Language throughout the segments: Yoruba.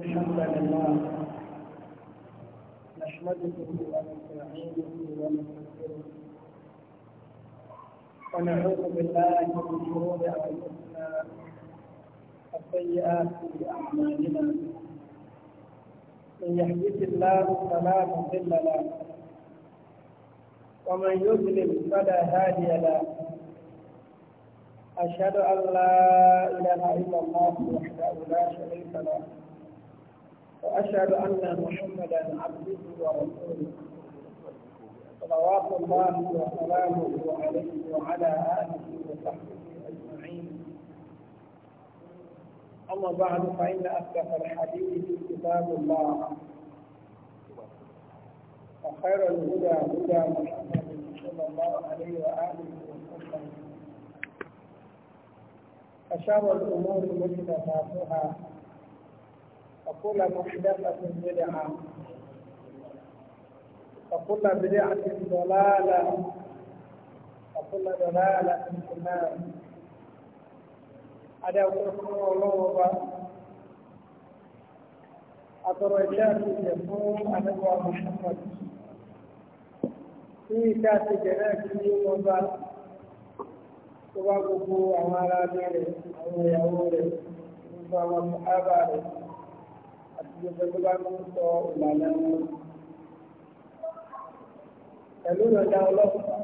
الحمد لله نحمده ونستعينه ونستغفره ونعوذ بالله من شرور انفسنا وسيئات اعمالنا من يهده الله فلا مضل له ومن يضلل فلا هادي له أشهد أن لا إله إلا الله وحده لا شريك له وأشهد أن محمدا عبده ورسوله صلوات الله وسلامه عليه وعلى آله وصحبه أجمعين أما بعد فإن أصدق الحديث كتاب الله وخير الهدى هدى محمد صلى الله عليه وآله وسلم أشار الأمور محدثاتها وكل محدثة بدعة وكل بدعة ضلالة وكل ضلالة في النار أدعو الله وبركاته àtọ̀rọ̀ ẹ̀ṣẹ́ àtúnṣe fún àdẹ́gbọ́ Muhammad tí ìṣẹ́ àtúnṣe náà kí ní wọ́n bá tó bá gbogbo àwọn ará rẹ̀ àwọn ìyàwó rẹ̀ gbogbo àwọn ọmọ rẹ̀ àti gbogbo tó bá ń sọ ìlànà wọn. Pẹ̀lú ìrọ̀lẹ́ ọlọ́pàá,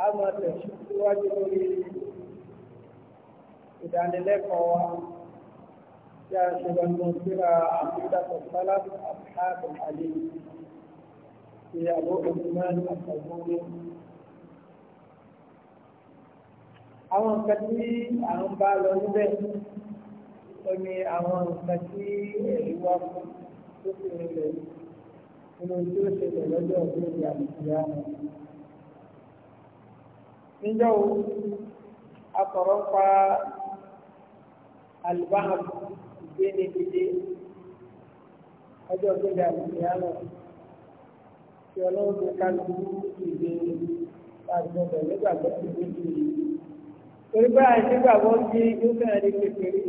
a máa tẹ̀sí síwájú lórí ìdánilẹ́kọ̀ọ́ wa tí a ṣe lọ́nà síra àfíkàtọ̀ sálá àbíkáàbọ̀ àlè ti àbókò tí máa ní. Àwọn nǹkan à ń bá lọ níbẹ̀ ó ní àwọn nǹkan tí ìwà fún tó fi rinlẹ̀ nínú tí ó ṣẹlẹ̀ lọ́jọ́ ọdún ìyá ìyá wọn. níjọ́ wo a sọ̀rọ̀ pa alùbáhà ìgbénibidé ọjọ́ ọdún ìyá ìyá wọn tí ọlọ́run ti ká lu ìgbé àgbọ̀dọ̀ nígbàgbọ́ ìgbé kiri. torí báyìí nígbàgbọ́ sí yóò fẹ́ràn ní kékeré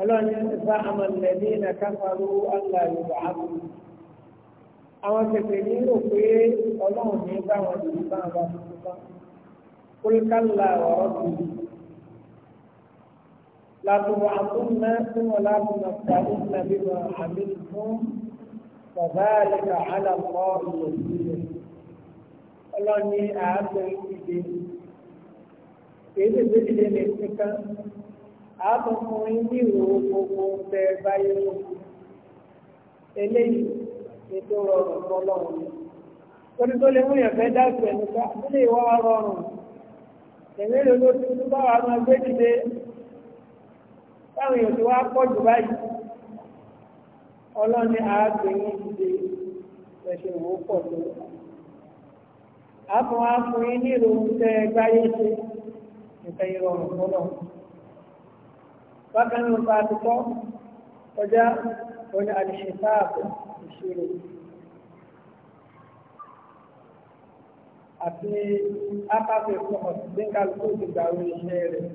ọlọ́ni záàmà lẹ́ní na káfàrú àlà yorùbá àbú àwọn tẹ̀sẹ̀ ní rò pé ọlọ́run ní bá wọn lè bá wọn bá tuntun bá kólíkàlà ọ̀rọ̀ bì í látọ̀wọ̀ àtúnná tí wọn látọ̀nà tàbí nàbí wọn àmì fún bàbáàlì kà hálà mọ́ ìlòsí rẹ̀ ọlọ́ni àádọ́ ìdíje èyí tẹ̀sẹ̀ ìdíje nìkan. àbùkùnrin ní ìwòwò gbogbo tẹ báyé lò eléyìí ni rọrùn fọlọ́run torí lè mú yàn fẹ́ dáàbò ẹ̀ nípa rọrùn èmi ló ló ti bá wa máa gbé dìde ti wá jù báyìí ọlọ́ni dìde ẹ̀ṣẹ̀ wò pọ̀ tó ṣe bákan náà bá ti kọ́ kọjá òní àdìsífáàbù ìṣirò àti ápáfẹ́ fọ́ọ̀ gbẹ́ngàlùkù ìgbà orí iṣẹ́ rẹ̀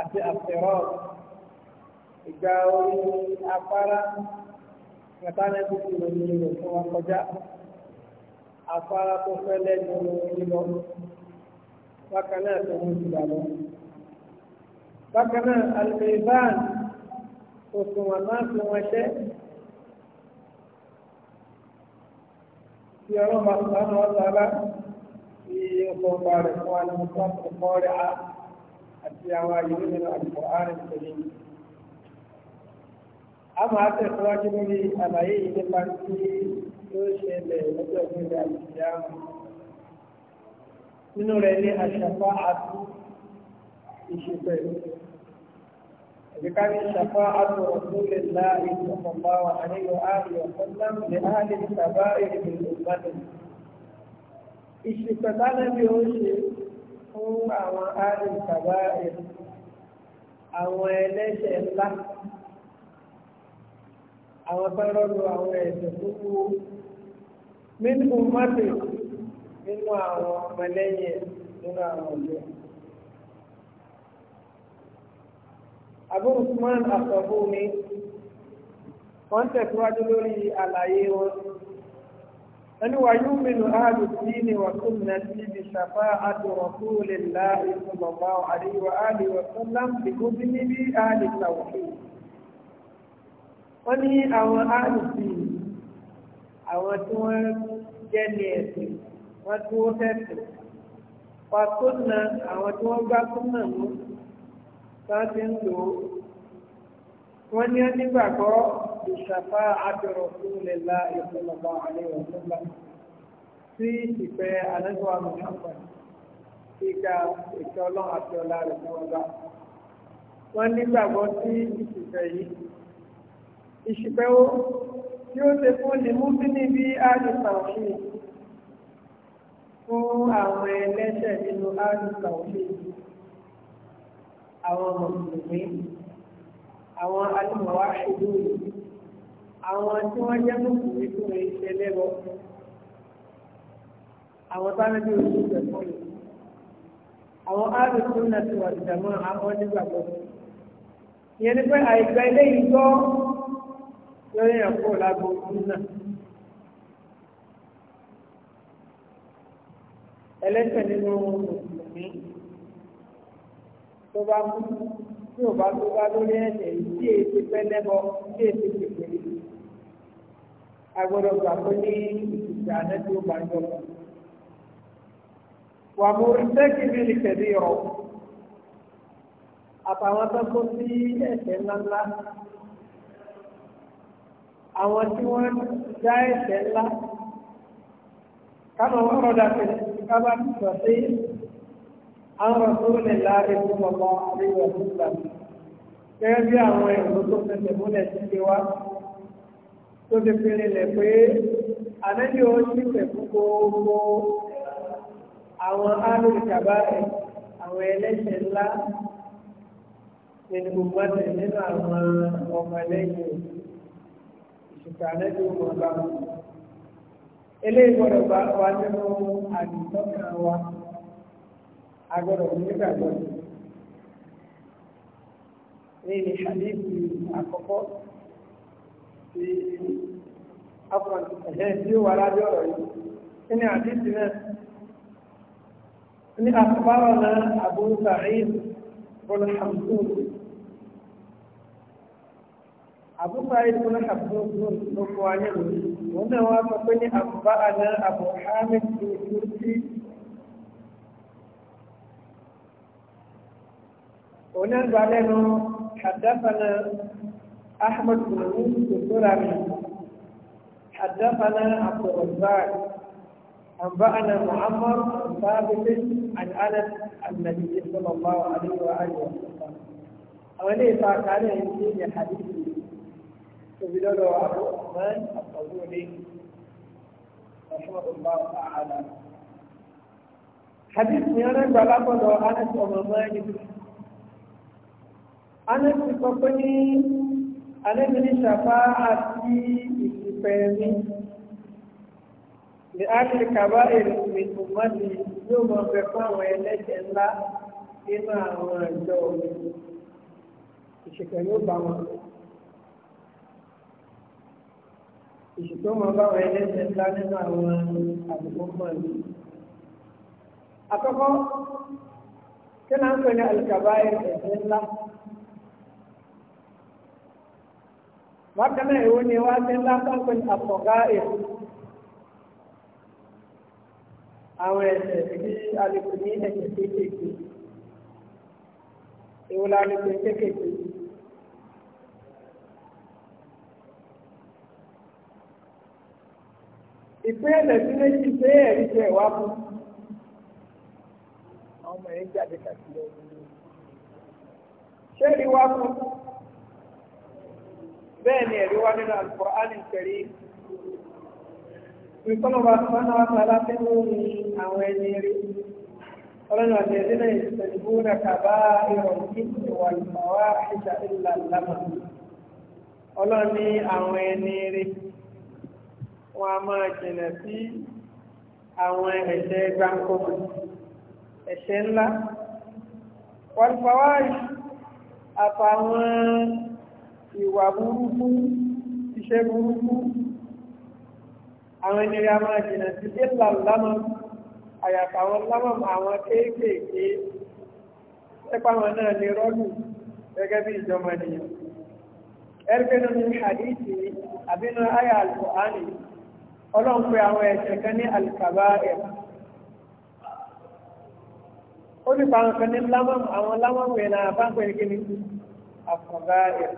àti àfẹ́rọ́ ìgbà orí afárá kàtàlẹ́ tó ti lọ nínú rẹ̀ fún wa kọjá afárá tó fẹ́ lẹ́nu lọ bákan náà tó ń ti lọ bákan náà almizan òṣùwọ̀n máa fi wọn ṣẹ́ tí ọlọ́mọ àtúntàn wọn sára fi ọkọ̀ rẹ̀ fún alimọ̀tò ọkọ̀ rẹ̀ á àti àwọn àyè nínú àgbọ̀ àárín tòlí. a máa tẹ̀síwájú lórí àlàyé yìí nípa tí yóò ṣẹlẹ̀ lọ́jọ́ ìpínlẹ̀ àlùfíàmù nínú rẹ̀ ní àṣàfà àti ìṣèpẹ̀lú. بكان شفاعة رسول الله صلى الله عليه وآله وسلم لأهل الكبائر من أمته ìṣìpẹ̀tánà bí ó ṣe fún àwọn àrùn kàbáyé àwọn ẹlẹ́ṣẹ̀ ńlá àwọn fẹ́rọ́lù àwọn ẹ̀sẹ̀ kúkú nínú mọ́tò nínú àwọn ọmọlẹ́yìn nínú àwọn ọ̀dọ́. Abu Usman As-Sabuni wọ́n tẹ̀síwájú lórí àlàyé wọn ẹni wà yóò mìnú ààlùsí ni wà tún nà sí ibi ṣàfá àdùrọ̀kú lè lá ìsọ̀lọ̀mọ́ àríwá àlèwà sọ́lám bí kó bí níbi ààlè tàwùkì wọ́n ní àwọn ààlùsí àwọn tí wọ́n jẹ́ ní ẹ̀sìn wọ́n tí wọ́n tẹ̀sìn wà tún nà àwọn tí wọ́n gbá tún nà mú tá ti ń lò ó wọ́n ní onígbàgbọ́ ìṣàfà àbẹ̀rọ̀ fún lẹ́la ìfọlọ́gbà àlẹ́wọ̀ sọ́gbà sí ìfẹ́ alẹ́gbọ́ àmọ́sàkọ́ ìka ìfẹ́ ọlọ́run àti ọlá rẹ̀ fún ọba wọ́n nígbàgbọ́ sí ìṣìfẹ́ yìí ìṣìfẹ́ wo tí ó ṣe fún ni mú níbi àdìsàwọ̀ṣì fún àwọn ẹlẹ́ṣẹ̀ nínú àdìsàwọ̀ṣì yìí àwọn mùsùlùmí àwọn alùmọ̀wá ṣùgbọ́n àwọn tí wọ́n jẹ́ mùsùlùmí fún iṣẹ́ lẹ́wọ́ àwọn sáréjì oṣù tẹ̀kọ́ yìí àwọn àrùtún náà ti wà ìdààmú àwọn onígbàgbọ́ ìyẹn ni pé àìgbà eléyìí gbọ́ lórí ẹ̀kọ́ lágbo náà. ẹlẹ́sẹ̀ nínú tó bá kú tí ò bá tó bá lórí ẹ̀ṣẹ̀ yìí tí èsì pẹ́ lẹ́bọ tí èsì pèpè yìí. a gbọ́dọ̀ gbà pé ní ìsìnkú àná tí ó bá jọ. wà mú sẹ́kì mi ní kẹ̀dí ọ̀ àtàwọn tó kó sí ẹ̀ṣẹ̀ ńláńlá àwọn tí wọ́n dá ẹ̀ṣẹ̀ ńlá káwọn wọ́n rọ̀dà pẹ̀lú kábàtì sọ̀tẹ́ عن رسول الله صلى الله عليه وسلم gẹ́gẹ́ bí àwọn èrò tó fẹsẹ̀ múlẹ̀ sí ti wá tó ti fi rinlẹ̀ pé ànábì ó sì fẹ̀ fún gbogbo àwọn alùpàbá ẹ̀ àwọn ẹlẹ́sẹ̀ ńlá nínú gbogbo ẹ̀sẹ̀ nínú àwọn ọmọlẹ́yìn ìṣùkà ànábì ó mọ̀ bá wọn. eléyìí gbọ́dọ̀ bá wa nínú àdìsọ́kàn wa agbọ́dọ̀ nígbàgbọ́ ní ṣàdíkù àkọ́kọ́ tí afọ̀nṣẹ̀ tí ó wà lábẹ́ ọ̀rọ̀ yìí ní àdíkù náà ní àkọ́bárọ̀ náà àbúrú sàáyìn bọ́lá hàmdùn abu sa'id kuma abu sun ko wani ne wannan wa ka bani abu ba'ana abu hamid bin ونرجع لنا حدثنا أحمد بن يوسف السلمي حدثنا عبد الرزاق أنبأنا معمر ثابت عن أنس النبي صلى الله عليه وآله وسلم أولي فاك عليه الدين حديثي الله أبو عثمان الطبولي رحمه الله تعالى حديث يانا بلغه أنس ومالك anẹ́sì sọ pé ní anẹ́sì ní ṣàfá àti ìsìnfẹ́ mi ní áfíríkàbá èrè ìmọ̀lì yóò mọ̀ fẹ́ fún àwọn ẹlẹ́jẹ̀ ńlá nínú àwọn àjọ òní ìṣèkẹ̀ yóò bá wọn ìṣètò máa bá wọn ẹlẹ́sẹ̀ ńlá nínú àwọn àdúgbò mọ̀lẹ́. àkọ́kọ́ kí náà ń pè ní àlùkàbá ẹ̀ṣẹ̀ ńlá. bákan náà èwo ni wá sí ńlá sọ́pẹ́ àpọ̀gá èrò àwọn ẹ̀sẹ̀ bí alùpùpù ní ẹ̀sẹ̀ kéékèèké èwo la alùpùpù kéékèèké. ìpín ẹ̀sẹ̀ sí méjì pé ẹ̀rí ti ẹ̀wá fún ọmọ ẹ̀ jáde kàkiri ọ̀hún ṣé ìwá fún bẹ́ẹ̀ ni ẹ̀rí wá nínú Al-Qur'anul Karim ìfọ́nàwà sọ́nàwà tààlà tí ó ní àwọn ẹni rí ọlọ́nà àti ẹ̀dínà ìsẹ̀lú rẹ̀ kàbá ìrọ̀lú ìwà ìfàwà ìjà ìlà àwọn ẹni rí wọn a máa jìnà sí àwọn ẹ̀ṣẹ̀ ìwà burúkú iṣẹ́ burúkú àwọn ènìyàn a máa jìnà sí ìlà lámà àyàfà àwọn lámà àwọn kéékèèké ẹpá wọn náà ní rọ́dù gẹ́gẹ́ bí ìjọmọ ènìyàn ẹgbẹ́nu ní hadithi àbínú àyà alkùhánì ọlọ́run pé àwọn ẹ̀ṣẹ̀ kan ní alkàbáyà ó ní pa àwọn kan ní lámà àwọn lámà wẹ̀ náà bá ń pè ní kíni àkọ̀báyà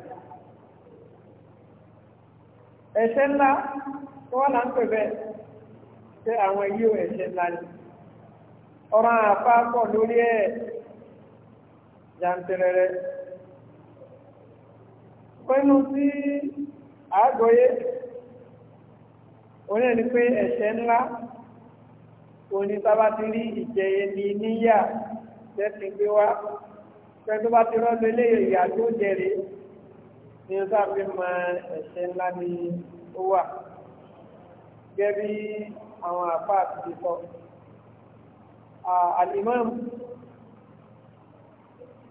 ẹ̀ṣẹ̀ ńlá tó wà là ń pè bẹ́ẹ̀ pé àwọn èyí ò ẹ̀ṣẹ̀ ńlá ni ọ̀rọ̀ àpá pọ̀ lórí ẹ̀ jàǹtẹ̀rẹ̀rẹ pẹ́nu sí àgọ́yé òun ẹni pé ẹ̀ṣẹ̀ ńlá òní tábà ti rí ìjẹyẹ ní níyà tẹ́sìn gbé wá pẹ́ bá ti rọ́ọ̀lẹ́lẹ́ ìyà jẹrìí ní ọjọ́ àfi mọ ẹ̀ṣẹ̀ ńlá ni ó wà gẹ́gẹ́ bí àwọn àpá àti sọ alimam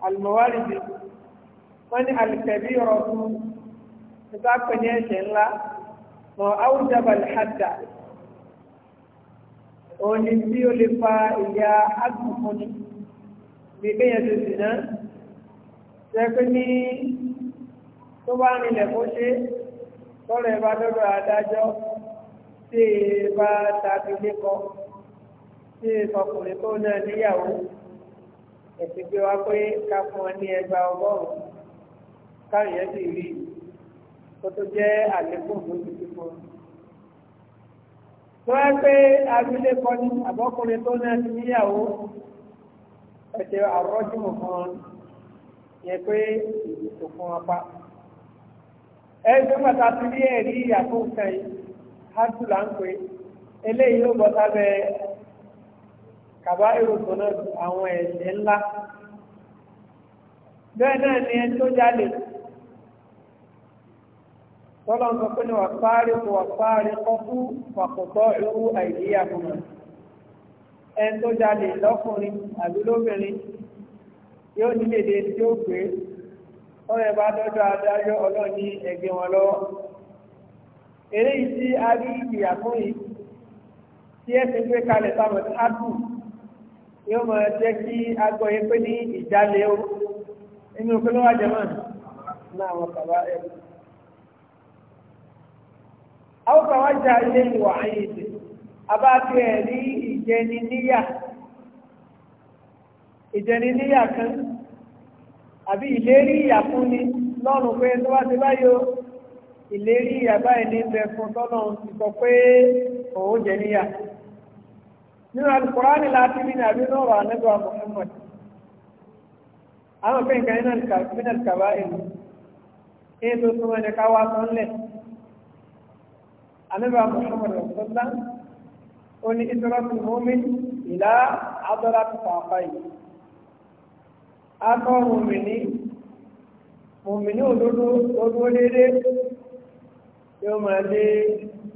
almawaridi wọ́n ní alìkẹ̀bí ọ̀rọ̀ fún nípa pẹ̀lú ẹ̀ṣẹ̀ ńlá mọ áwùjábà lẹ́hàdà òun ni bí ó lè fa ìyá agbùn bí kéèyàn ti sì náà jẹ́ ní tó bá nílẹ̀ kó ṣe tọ́lọ̀ ẹ̀ bá dọ́dọ̀ adájọ́ tí e bá tàbí lékọ́ tí e fọkùnrin tó náà níyàwó ẹ̀sìn pé wá pé ká fún ọ ní ẹgbàá ọgọ́rùn-ún káyọ̀ sì rí kó tó jẹ́ àlékún lójú fífọ́. tó wá pé abilékọ ní àbọ́kùnrin tó náà ti níyàwó ẹ̀sìn àrọ́jùmọ̀ fún ọ yẹ pé ìdìbò fún ọ pa ẹgbẹ́ pàtàkì bí ẹ̀rí ìyàtọ̀ nǹkan yìí hajj là ń pè eléyìí ló bọ́ sábẹ́ kàbá èròkò náà àwọn ẹ̀ṣẹ̀ ńlá bẹ́ẹ̀ náà ni ẹni tó jalè tọ́lọ́ ń sọ pé ní wà fárí kó wà fárí kọ́kú pàkótọ́ irú àìdíyà fún mi ẹni tó jalè lọ́kùnrin àbí lóbìnrin yóò ní lèdè tí ó gbé wọ́n yẹ bá dọ́jọ́ adájọ́ ọlọ́run ní ẹgbẹ́ wọn lọ́wọ́ eléyìí a rí ìyà fún yìí tí ẹ ti gbé kalẹ̀ sáwọn tí a kù yóò mọ̀ jẹ́ kí a gbọ́ pé ní ìjálẹ̀ o inú pé ló wà jẹ́mọ̀ ní àwọn kàwá ẹ̀. àwọn kàwá jà ilé ìwà ayé ìdè abáàtì ẹ̀ rí ìjẹni níyà kan. àbí ìlérí ìyà fún ni lọ́rùn pé tó bá ti báyò ìlérí ìyà báyìí ní bẹ fún tọ́nà ti sọ pé òun jẹ níyà nínú alukùránì láti rí ní àbí lọ́rọ̀ ànẹ́gbà Muhammad àwọn pé nǹkan iná kàbá ìlú ní tó tún ẹni ká wá tán lẹ̀ ànẹ́gbà Muhammad ọ̀sọ́lá ó ní ìtọ́lá tó mọ́mí ìlà àdọ́lá tó pàápàá yìí akọ́ mùmìnì mùmìnì òdodo odó dédé yóò máa lé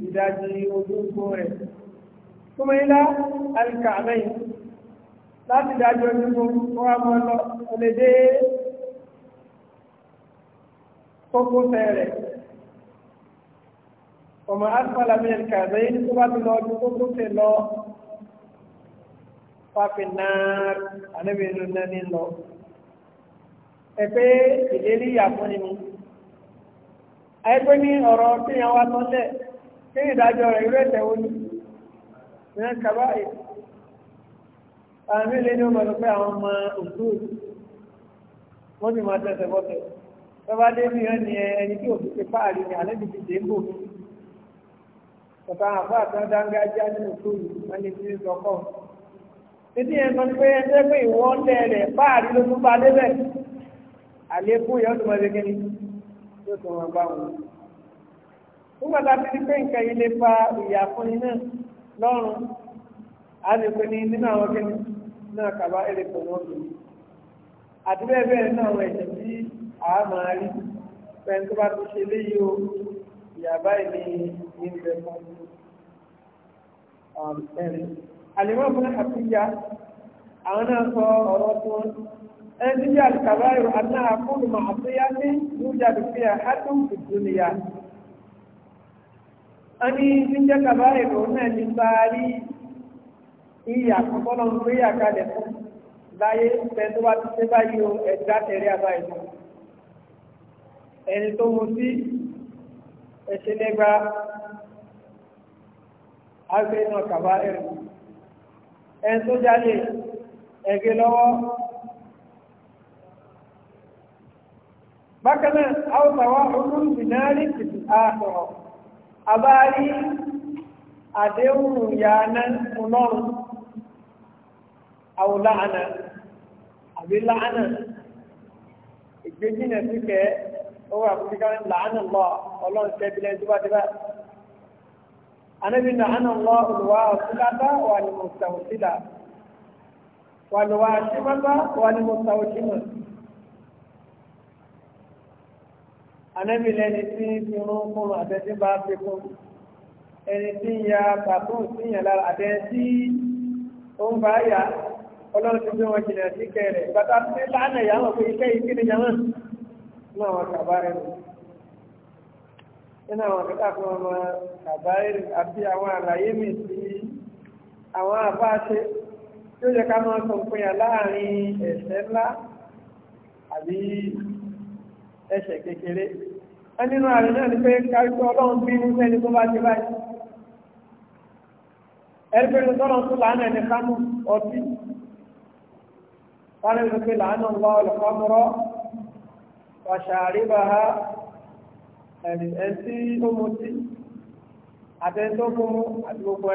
ìdajì ojúgbó rẹ̀ túnmọ̀lá alìkàmẹ́yìn láti dájọ́ ojúgbó wọ́n á mọ́ lọ olédé kókó fẹ́rẹ̀ ọmọ asfalami alìkàmẹ́yìn tó bá ti lọ ọdún kókó fẹ́ lọ fàfinnáà anábìnrin náà ni lọ ẹ̀pẹ́ ìlérí ìyàfún ni ẹgbẹ́ ní ọ̀rọ̀ tí yàn wá tọ́lẹ̀ kí ìdájọ́ rẹ̀ irú ẹ̀tẹ̀ ó ní ìran kàbá àmì ilé ní ọmọ ìlúpẹ́ àwọn ọmọ òkú wọ́n sì máa tẹ̀sẹ̀ bọ́tẹ̀ tọ́ba dé ní ẹni tí òkú ti ní alẹ́ bìbí dé ń bò mí nínú òkú yìí lè àlékún yẹn ó máa ṣe kí ni yóò tún máa bá wọn. nígbà tá a ti di pé nǹkan yìí lè fa ìyà fún ni náà lọ́rùn a lè pe ni nínú àwọn kí ni náà kàbá èrè pọ̀ náà lò. àti bẹ́ẹ̀ bẹ́ẹ̀ náà àwọn ẹ̀jẹ̀ tí a máa rí pẹ̀lú tó bá ti ṣe léyìí o ìyà báyìí ni ń fún ẹ̀rí. àlèmọ́ fún àfíyà àwọn náà sọ ọ̀rọ̀ tí ẹni bí alikabayo anáà kúrò máa fúyá ní yújáde fi àádùn ìdúnìyà ẹni jíjẹ kabayo lòun náà ní báárí ìyà kọ́kọ́lọ́ ń gbé àkàlẹ̀ fún láyé pẹ̀lú wa ti ṣe báyìí o ẹ̀dá tẹ̀lé abáyé lọ ẹni tó mu sí ẹ̀ṣẹ̀ lẹ́gbà ágbé náà kabayo ẹni tó jáde ẹ̀gẹ́ lọ́wọ́. bákanáà áwùtàwà ọdún bìnárì tìtì ààtọ̀rọ̀ àbárí àdéhùn yàánà ọlọ́run àwòláàna àbí láàánà ìgbéjìnà síkẹ́ owó àfíríkà láàánà lọ ọlọ́run tẹ́bílẹ̀ díbádíbá anabi láàánà lọ olùwà ọ̀sílátà wà ní mọ̀sàwòsílà wà lọ́wọ́ àṣímọ́tà wà ní mọ̀sàwòsímọ́tà anẹ́bí lẹ́ni tí fi rún kúrò àtẹ́sí bá fi kún ẹni tí ya kàtún sí yàn lára àtẹ́sí ó ń bá yà ọlọ́run ti gbé wọn jìnà sí kẹrẹ̀ bàtà tí lánàá yà wọn pé ikẹ́ yìí ni yàmá nínú àwọn kàbáyé nínú àwọn kẹta fún ọmọ kàbáyé àti àwọn àlàyé mi sí àwọn àbáṣe tí ó yẹ ká máa sọ pé yà láàrin ẹ̀ṣẹ̀ ńlá àbí ẹ̀ṣẹ̀ kékeré ẹnìnú ààrẹ náà ni pé káríkọ́ ọlọ́run bínú sẹ́ni tó bá ti báyìí ẹ̀rẹ́gbẹ̀rún tọ́lọ̀ tó lánà ẹni kánú ọtí wọ́n lè pé lánà ń wá ọlọ́kọ́ mọ́rọ́ wàṣàríbà ha ẹ̀ntí àti gbogbo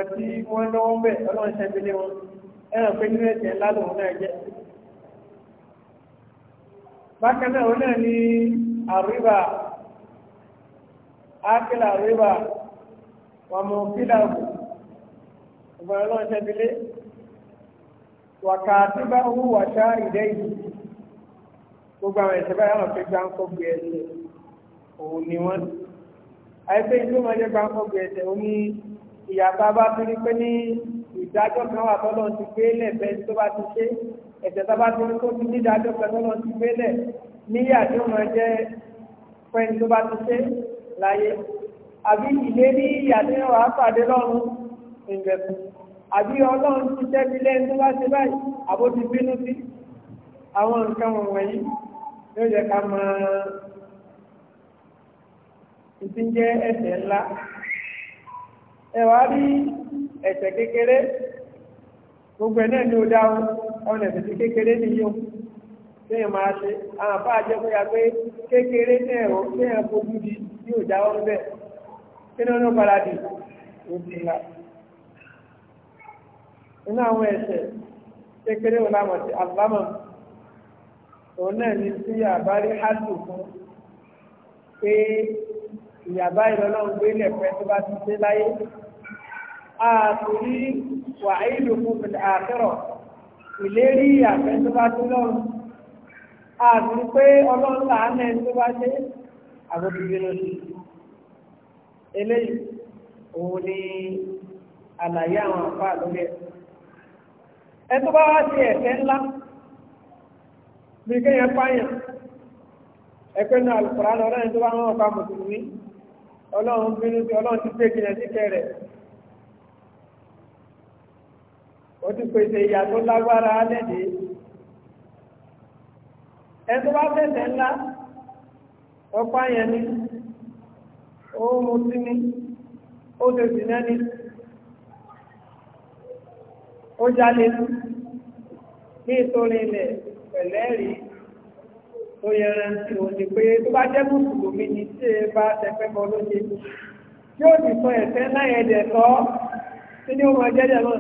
ẹtí wọ́n lọ́wọ́ bẹ̀ ọlọ́run ṣẹ́bílé bákan náà ó náà ní الربا آكل الربا وموكله ومعلوم شبلي وكاتبه وشاهديه gbogbo àwọn ìṣẹ̀bá yàrá fi gbáǹkọ́gbé ẹsẹ̀ òun ni wọ́n àìsẹ́ ìlú máa jẹ́ gbáǹkọ́gbé ẹsẹ̀ òun ni ìyàbá bá fi rí pé ní ìdájọ́ kan wà tọ́lọ́ ti gbé lẹ̀ bẹ́ẹ̀ tó bá ti ṣe ẹ̀sẹ̀ tó bá ti rí tó ti ní ìdájọ́ kan tọ́lọ́ ti gbé lẹ̀ níyà tí ó máa jẹ́ pẹ́ni tó bá ti ṣe láyé àbí ìlérí ìyà tí wọ́n wàá pàdé lọ́run ìgbẹ̀kùn àbí ọlọ́run ti tẹ́bi lẹ́yìn tó bá ṣe báyìí àbó ti bínú sí àwọn nǹkan wọ̀nyí yóò jẹ́ ká máa ti ń jẹ́ ẹ̀ṣẹ̀ ńlá ẹwà rí ẹ̀ṣẹ̀ kékeré gbogbo ẹ̀ náà ni ó dáhùn ọ̀nà ẹ̀ṣẹ̀ kékeré nìyí o téèyàn máa ṣe àwọn àbá àjẹkọ̀yà pé kékeré náà ẹ̀rọ téèyàn fojú di ní òjá wọn bẹ́ẹ̀ kí ni wọn padà dì ó ti la inú àwọn ẹ̀ṣẹ̀ kékeré wọn làwọn ti àbámọ̀ òun náà ní sí àbárí hásù fún pé ìyàbá ìrọ̀lọ́run gbélé pẹ́ tó bá ti dé láyé àtòrí wàhálì fún àkẹ́rọ̀ ìlérí àfẹ́ tó bá ti lọ́rùn àbí pé ọlọ́run láàánú ẹni tó bá ṣe àbójútó lónìí eléyìí òun ni àlàyé àwọn àfáà lórí ẹ̀ ẹ tó bá wá sí ẹ̀fẹ́ ńlá bí kéèyàn pààyàn ẹgbẹ́ náà alùpùpù ọlọ́run tó bá wọn ọba mùsùlùmí ọlọ́run bínú sí ọlọ́run ti pé jìnnà síkẹ́ rẹ̀ ó ti pèsè ìyà lágbára lẹ́dẹ̀ẹ́ ẹ̀tọ́ bá tẹ̀sẹ̀ ńlá ọpá yẹn ni ó mú sí ni ó lè sì náà ni ó jalè ní ìtorí ilẹ̀ pẹ̀lẹ́rìí tó yẹran tí ò ní pé tó bá jẹ́ mùsùlùmí ni tí e bá tẹ̀fẹ́ bọ́ lóye yóò sì sọ ẹ̀fẹ́ náà ẹ̀dẹ̀ lọ tí ní ó máa jẹ́jẹ̀ náà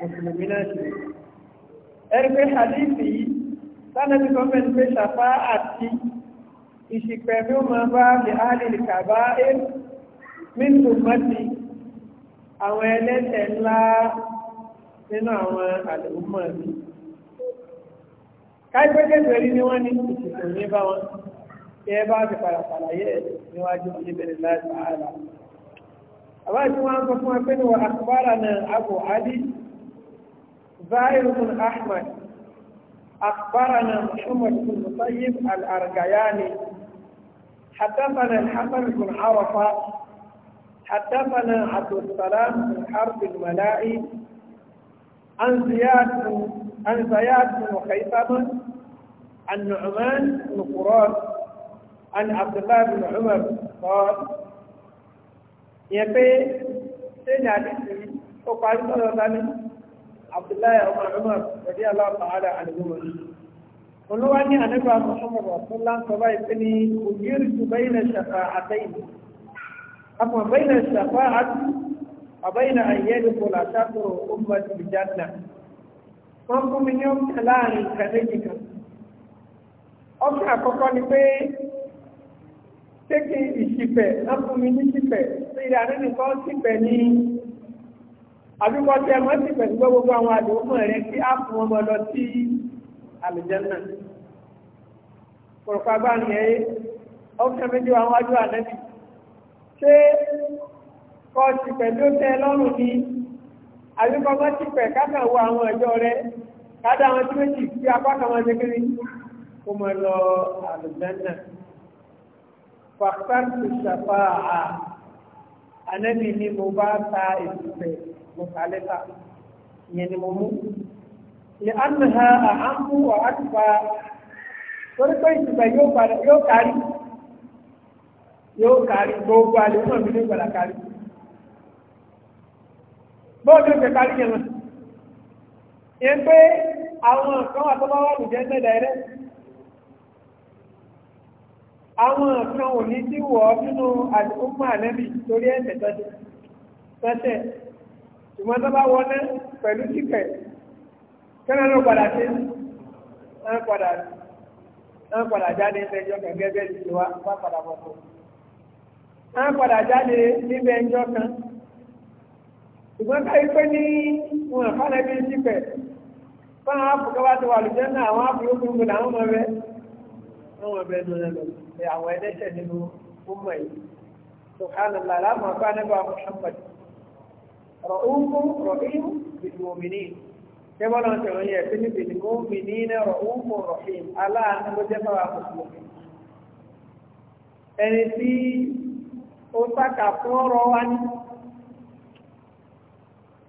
mùsùlùmí náà ṣe pé hadithi yìí sánẹ́bí gọ́ọ̀mẹ́ntì pé ṣàfá àti ìṣìpẹ̀mí ó máa bá lè áàlè lè kàbá é mínú mọ́tì àwọn ẹlẹ́ṣẹ̀ ńlá nínú àwọn àlùmọ́ mi káìpẹ́kẹ́fẹ́ rí ni wọ́n ní ìṣìṣẹ́ ní bá wọn kí ẹ bá fi parapàlà yẹ níwájú ìbẹ̀rẹ̀ láti ààlà àbá tí wọ́n sọ fún wa pé àkùbára náà abu ali zahir bin ahmad أخبرنا محمد بن مطيب الأرجياني حدثنا الحسن بن عرفة حدثنا عبد السلام بن حرب الملائي عن زياد بن عن زياد بن خيثمة عن نعمان بن قراد عن عبد الله بن عمر قال يبي سنة علي parí lọ́dọ̀ dání abdullahi ọmọ umar rẹ̀dí aláàbàárà àdúgbò olúwa ní àdúgbà muhammad ọ̀túnlá ń sọ báyìí pé ní ògiri tó bẹ́yìn na ṣàfà àtẹ́yìn àpò bẹ́yìn na ṣàfà àti àbẹ́yìn na ayé ní kò látàkù ọmọ ti jáde wọn kún mi ní ọkọ láàrin kàdéjì kan ọkọ àkọ́kọ́ ni pé tẹ́kì ìṣìpẹ̀ wọn kún mi ní ṣìpẹ̀ sí ìdáná nìkan ṣìpẹ̀ ní àbí wọ́n tẹ wọ́n sì pẹ̀lú gbogbo àwọn àdéhùn rẹ̀ kí á fún ọmọ lọ sí àlùjànnà. Kòròkò agbáni ẹ̀ ọ́fíìsì méjì wà wájú ànẹ́bì. Ṣé kọ́ ti pẹ̀lú tẹ lọ́rùn ni? Àbí kọ́ mọ́ ti pẹ̀ káfà wo àwọn ẹ̀jọ́ rẹ̀? Kádà wọn tí méjì sí apá kan wọn jẹ́kiri kó mọ lọ àlùjànnà. Fàkàtù ṣàfà ànẹ́bì ni mo bá ta ètùtù mo kà lẹ́tà ìyẹn ni mo mú. ní anaha àhámú wà á ti fa torí pé ìtìgbà yóò padà yóò kárí yóò kárí gbogbo àlè náà mi ní ìgbàlá kárí. bóòdù ìgbà kárí yẹn lọ. ìyẹn pé àwọn nǹkan wà tó bá wà lùjẹ́ ń tẹ̀lé rẹ̀ àwọn nǹkan òní tí wọ̀ ọ́ nínú àdìkúnmọ́ ànẹ́bì torí ẹ̀sẹ̀ tọ́jú tọ́sẹ̀ ìmọ̀ tó bá wọlé pẹ̀lú kíkẹ̀ kẹ́lẹ́ ló padà sí ẹ̀ padà ẹ̀ padà jáde ẹjọ́ kan gẹ́gẹ́ bí tiwa bá padà bọ̀ tó ẹ̀ padà jáde níbẹ̀ ẹjọ́ kan ṣùgbọ́n káyí pé ní wọn àfáàlẹ́ bí sípẹ̀ fáwọn afọ̀kọ́ bá ti wà lùjẹ́ náà àwọn afọ̀yókùn gbọdọ̀ àwọn ọmọ rẹ̀ àwọn ọmọ rẹ̀ lọ́nà lọ àwọn ẹlẹ́ṣẹ̀ nínú ọmọ yìí sọ̀kánà làlámọ̀ fáwọn ẹgbẹ́ àwọn ṣàpàdé rọ̀úkú rọ̀hìm bìbòmìnì kẹ́bọ́lá ń tẹ̀wọ́n yẹ pé níbi ìdìbò mìíní ní rọ̀úkú rọ̀hìm aláàánú ló jẹ́ fáwọn mùsùlùmí ẹni tí ó sáka fún ọ̀rọ̀ wa ní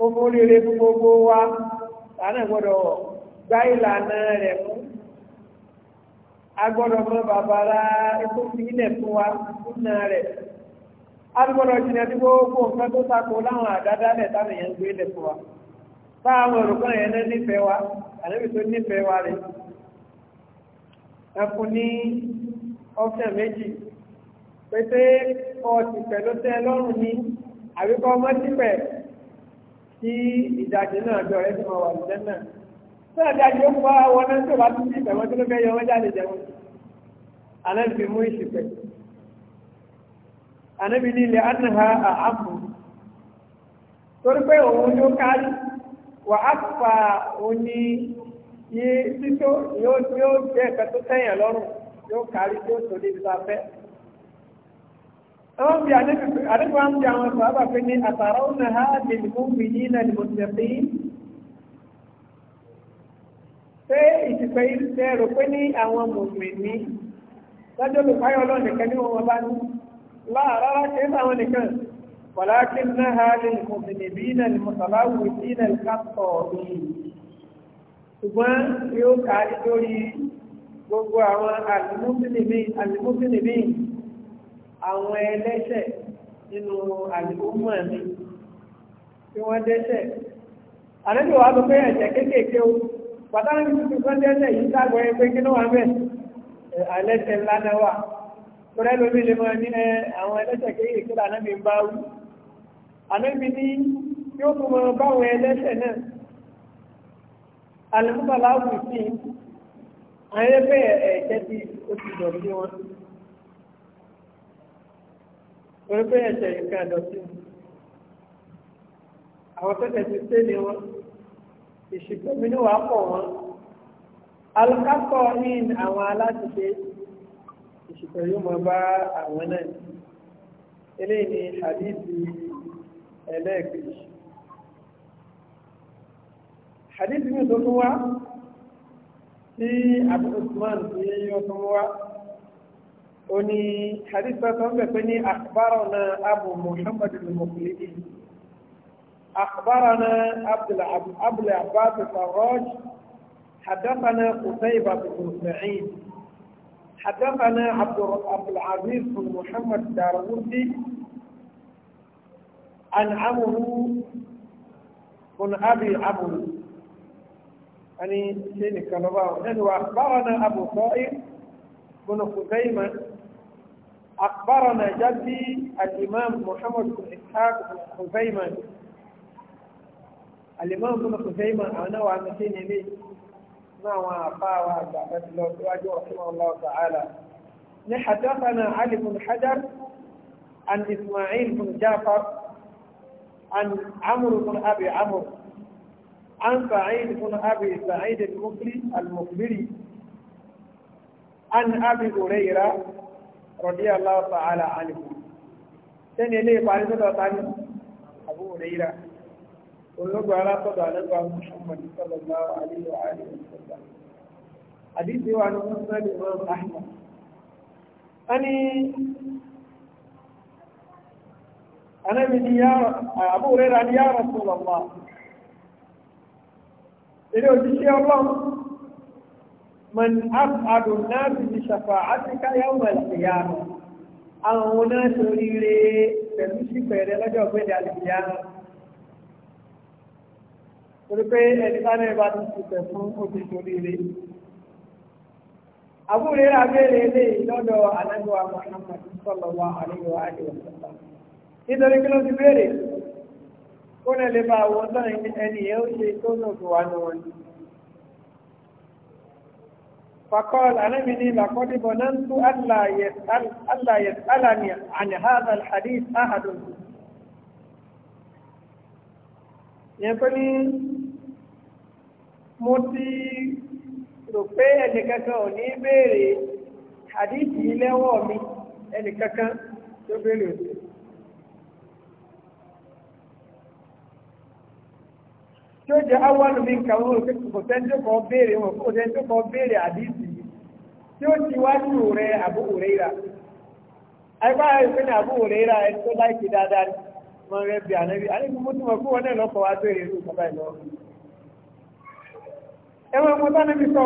ó móríire gbogbo wa lánà gbọ́dọ̀ gbá ìlànà rẹ̀ mú agbọ́dọ̀ mọ́ bàbá rà ètò ìpínlẹ̀ fún wa fún náà rẹ̀ agbọ́dọ̀ jìnà tí gbogbo nǹkan tó tako láwọn àdádálẹ̀ táwọn gbé lẹ̀ fún wa táwọn olùkọ́ yẹn náà nífẹ̀ẹ́ wa àlẹ́bí tó nífẹ̀ẹ́ wa rẹ̀ ẹkùn ní ọ́fíà méjì pété ọtí pẹ̀lú tẹ́ lọ́rùn ní àbíkọ́ mọ́típẹ̀ tí ìdajì náà jọ rẹ̀ fún ọwà ìjẹ́ náà tí ìdajì ó pa wọn náà tó bá tún sí ìpẹ̀wọ́n tó fẹ́ yọ wọ́n jáde jẹun àlẹ́bí mú ìṣìpẹ̀ ànábì ní ilẹ̀ anaha àhàmù torí pé òun ló kárí wà á fa òní yé tító yóò jẹ́ ẹ̀ka tó tẹ̀yàn lọ́rùn yóò kárí tó tó débi tó a fẹ́ àwọn bí àdébò àwọn bí àwọn sọ̀rọ̀ àbàfẹ́ ní àtàrà ọ̀nà ha lèmi fún mi ní ilẹ̀ lèmọ̀tẹ̀fẹ́ ṣé ìsìnkú yìí ṣe rò pé ní àwọn mùsùlùmí lọ́jọ́ olùkọ́yọ̀ ọlọ́ọ̀nìkan ní wọn bá ní láàrárá kìí sáwọn nìkan wàlákí náà ha lè kùnfìnì bí na mùsàláwù sí na kápọ̀ ní ṣùgbọ́n yóò kárí lórí gbogbo àwọn alìmúsìnì bí àwọn ẹlẹ́ṣẹ̀ nínú alìmúmọ̀ mi tí wọ́n dẹ́ṣẹ̀ àlejò wa sọ pé kéékèèké o pàtàkì tuntun kan dẹ́ṣẹ̀ yìí sáàgbọ́ ẹgbẹ́ kí ló wà Tọ́rẹ́ lómi lè máa ní àwọn ẹlẹ́sẹ̀ kéèyè kí lànàmì ń bá wú. Ànábì ní tí ó tún máa báwọn ẹlẹ́sẹ̀ náà. Àlùmọ́bà láwù sí ayẹ́fẹ́ ẹ̀ẹ́kẹ́ tí ó ti dọ̀rọ̀ bí wọn. Torí pé ẹ̀ṣẹ̀ nǹkan àdọ̀tí. Àwọn tẹ́tẹ̀ ti tẹ́lẹ̀ wọn. Ìṣìkò mi ní wàá pọ̀ wọn. Alùkákọ̀ ní àwọn aláṣiṣẹ́ ìṣùpẹ̀ yóò mọ bá àwọn náà eléyìí ni hadithi ẹlẹ́ẹ̀kejì hadithi mi tó tún wá tí abu tí yóò tún wá ó ní hadith tó tún bẹ̀ pé ní akhbarana abu muhammad al-mukhlidi akhbarana abdul abbas al-farraj حدثنا قتيبة بن سعيد حدثنا عبد العزيز بن محمد الداروودي عن عمرو بن ابي عمرو يعني شيني كنبار يعني واخبرنا ابو صائب بن خزيمه اخبرنا جدي الامام محمد بن اسحاق بن خزيمه الامام بن خزيمه انا وعن ليه ní àwọn àfáàwà àgbà àti lọ síwájú ọ̀sán ọlọ́ sàárà ní hadathana ali bin hajar an ismail bin jafar an amr bin abi amr an sa'id bin abi sa'id al-mukli al-mukbiri an abi huraira radiyallahu ta'ala anhu sani ilé ìparí tó dọ̀tani abu huraira ونبع على قضاء نبع محمد صلى الله عليه وسلم حديثي وعن مصر أحمد أني أنا من يا أبو هريرة يا رسول الله إلي وجيشي الله من أبعد الناس بشفاعتك يوم القيامة أو ناس ريلي تنشي فيري لجو بدي القيامة torí pé ẹni bá náà bá ti ṣùpẹ̀ fún oṣù torí rẹ̀. àbúrò rà béèrè ilé lọ́dọ̀ anájọ́wà Muhammad sọlọ́wà àríwá àríwá sọ́tà nítorí kí ló ti béèrè kó lè lè bá àwọn tán ẹni yẹn ó ṣe tó nù tó wà ní wọn. فقال أنا مني لقد ظننت ألا يسأل ألا يسألني عن هذا الحديث أحد yẹn mo ti rò pé ẹnìkankan ò ní béèrè àdíjì lẹ́wọ̀ mi ẹnìkankan tó béèrè òsì. tí ó jẹ́ awọ́lù mi nǹkan wọn kò tẹ́ńtò kan béèrè wọn kò tẹ́ńtò kan béèrè àdíjì tí ó ti wájú rẹ àbúrò rẹ rà ẹgbẹ́ ayé pé ní àbúrò rẹ rà ẹni tó láìkì dáadáa mọ̀ rẹ bí ànábi àníbi mo tún mọ̀ fún wọn náà lọ́kọ̀ọ́ wá béèrè irú ìjọba ìlọ́wọ́ ẹwọ ẹmọ bá níbi sọ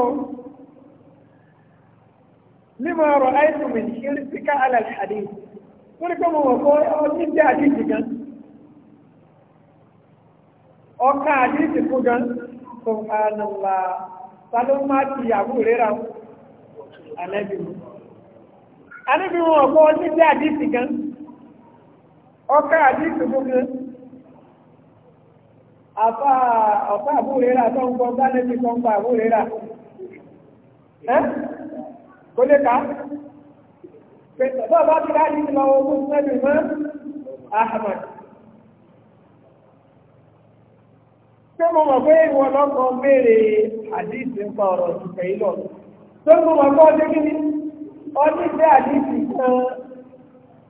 nímọ̀ ọ̀rọ̀ àìsùnmí ṣírí síká alẹ́ àdé wọ́n ní pé mo wọ̀ kọ́ ọdún jẹ́ àdéjì gan ọkà àdéjì kú gan kò hànàlá sálọ́ máa ti yàgò rírà àlẹ́bí mu àníbi wọn ọ̀pọ̀ ọdún jẹ́ àdéjì gan ọkà àdéjì kú gan àfá ọ̀pá àbúrérà tó ń gbọ́ gánẹ́bí tó ń gbà àbúrérà kó lè ká pẹ̀tọ́ bá ti láti lọ ogún mẹ́bí mọ́ Ahmad tí mo mọ̀ pé ìwọ lọ́kọ̀ béèrè àdíìsì ń pa ọ̀rọ̀ ìfẹ́ ìlọ̀ tó mo mọ̀ pé ọdún kí ni ọdún ìfẹ́ àdíìsì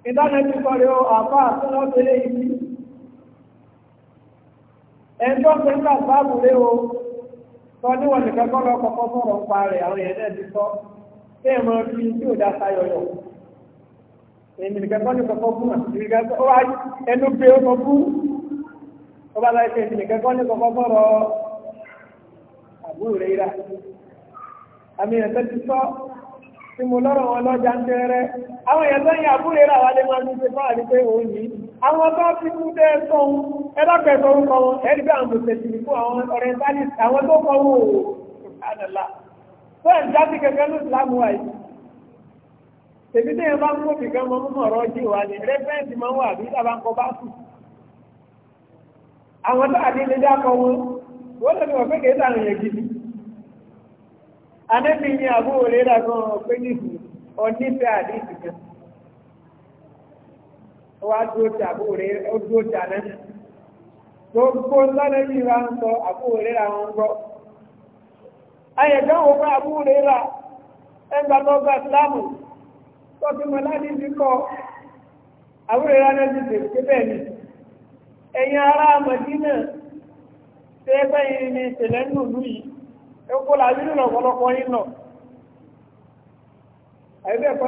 ìdánẹ́bí kọrin àfá àtúnlọ́gbẹ̀lẹ́ ìbí ẹjọ́ pé ń kàtà o sọ níwọ̀n nìkan kọ́ lọ kọ́kọ́ sọ̀rọ̀ ń pa àwọn èèyàn náà ti sọ pé ẹ fi tí ò dá èmi nìkan kọ́ ní kọ́kọ́ fún ẹnu fún ó bá pé èmi nìkan kọ́ ní kọ́kọ́ àbúrò rẹ̀ yíra àmì ẹ̀sẹ̀ ti sọ tí mo lọ́rọ̀ wọn lọ́jà ń tẹ́rẹ́ àwọn èèyàn àbúrò rẹ̀ àwọn bá fi kú tẹ́ sọ́hun ẹlọ́pẹ̀ sọ́hun kọ wọn ẹ̀rí bí àwọn òṣèṣìlì fún àwọn orientalist àwọn tó kọ wọn òòrùn àdàlà fún ẹ̀dá sí kẹfẹ́ ní ìsìlámù wa yìí tèmi tẹ́yẹ bá ń kó nìkan mọ́ mọ́ ọ̀rọ̀ jí wa ni rẹ́fẹ́ǹsì máa ń wà bí ìjọba ń kọ bá sùn àwọn tó àdé lè dákọ wọn wọ́n lè wọ̀ pé kìí sàrùn yẹn gidi anẹ́bí ni àbúrò lè ó wá dúró ti àbúrò rẹ ó ti àná gbogbo lọ́nà yìí ra ń sọ àbúrò ra wọn gbọ́ ayẹ̀dánwò fún àbúrò ra ẹgbà lọ́gbà tó fi mọ̀ láti fi kọ́ ra náà ti bẹ́ẹ̀ ni ará yìí ni ìṣẹ̀lẹ̀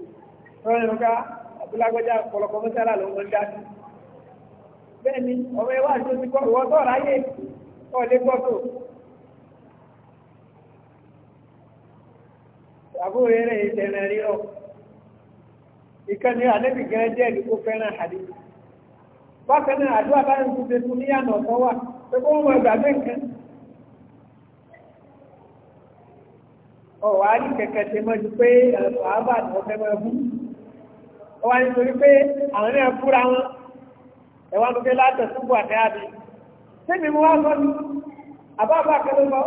lọ́rọ̀ yóò ká abúlágbájá ọ̀pọ̀lọpọ̀ mọ́sálà ló ń wọ́n dá sí. bẹ́ẹ̀ ni ọmọ ẹwà tó ti kọ́ ìwọ́ tọ́ ráyè kọ́ lé gbọ́tò. àbúrò eré ìtẹ̀rẹ̀ rírọ̀ ìkànnì àlẹ́bí gan jẹ́ ìdíkó fẹ́ràn àdé. bákan náà àdúrà bá ń kú tuntun níyànà ọ̀tọ̀ wà pé kó wọn gbàgbé nǹkan. ọ̀wá ní kẹ̀kẹ́ ti mọ́jú pé àbá àti ọ̀fẹ́ mọ́ ẹ̀fún wá nítorí pé àwọn náà fúra wọn ẹ̀wà ló fẹ́ látẹ̀súgbò àtẹ́yàbí sẹ́mi mo wá sọ́ni àbábà kẹlẹ́gbọ́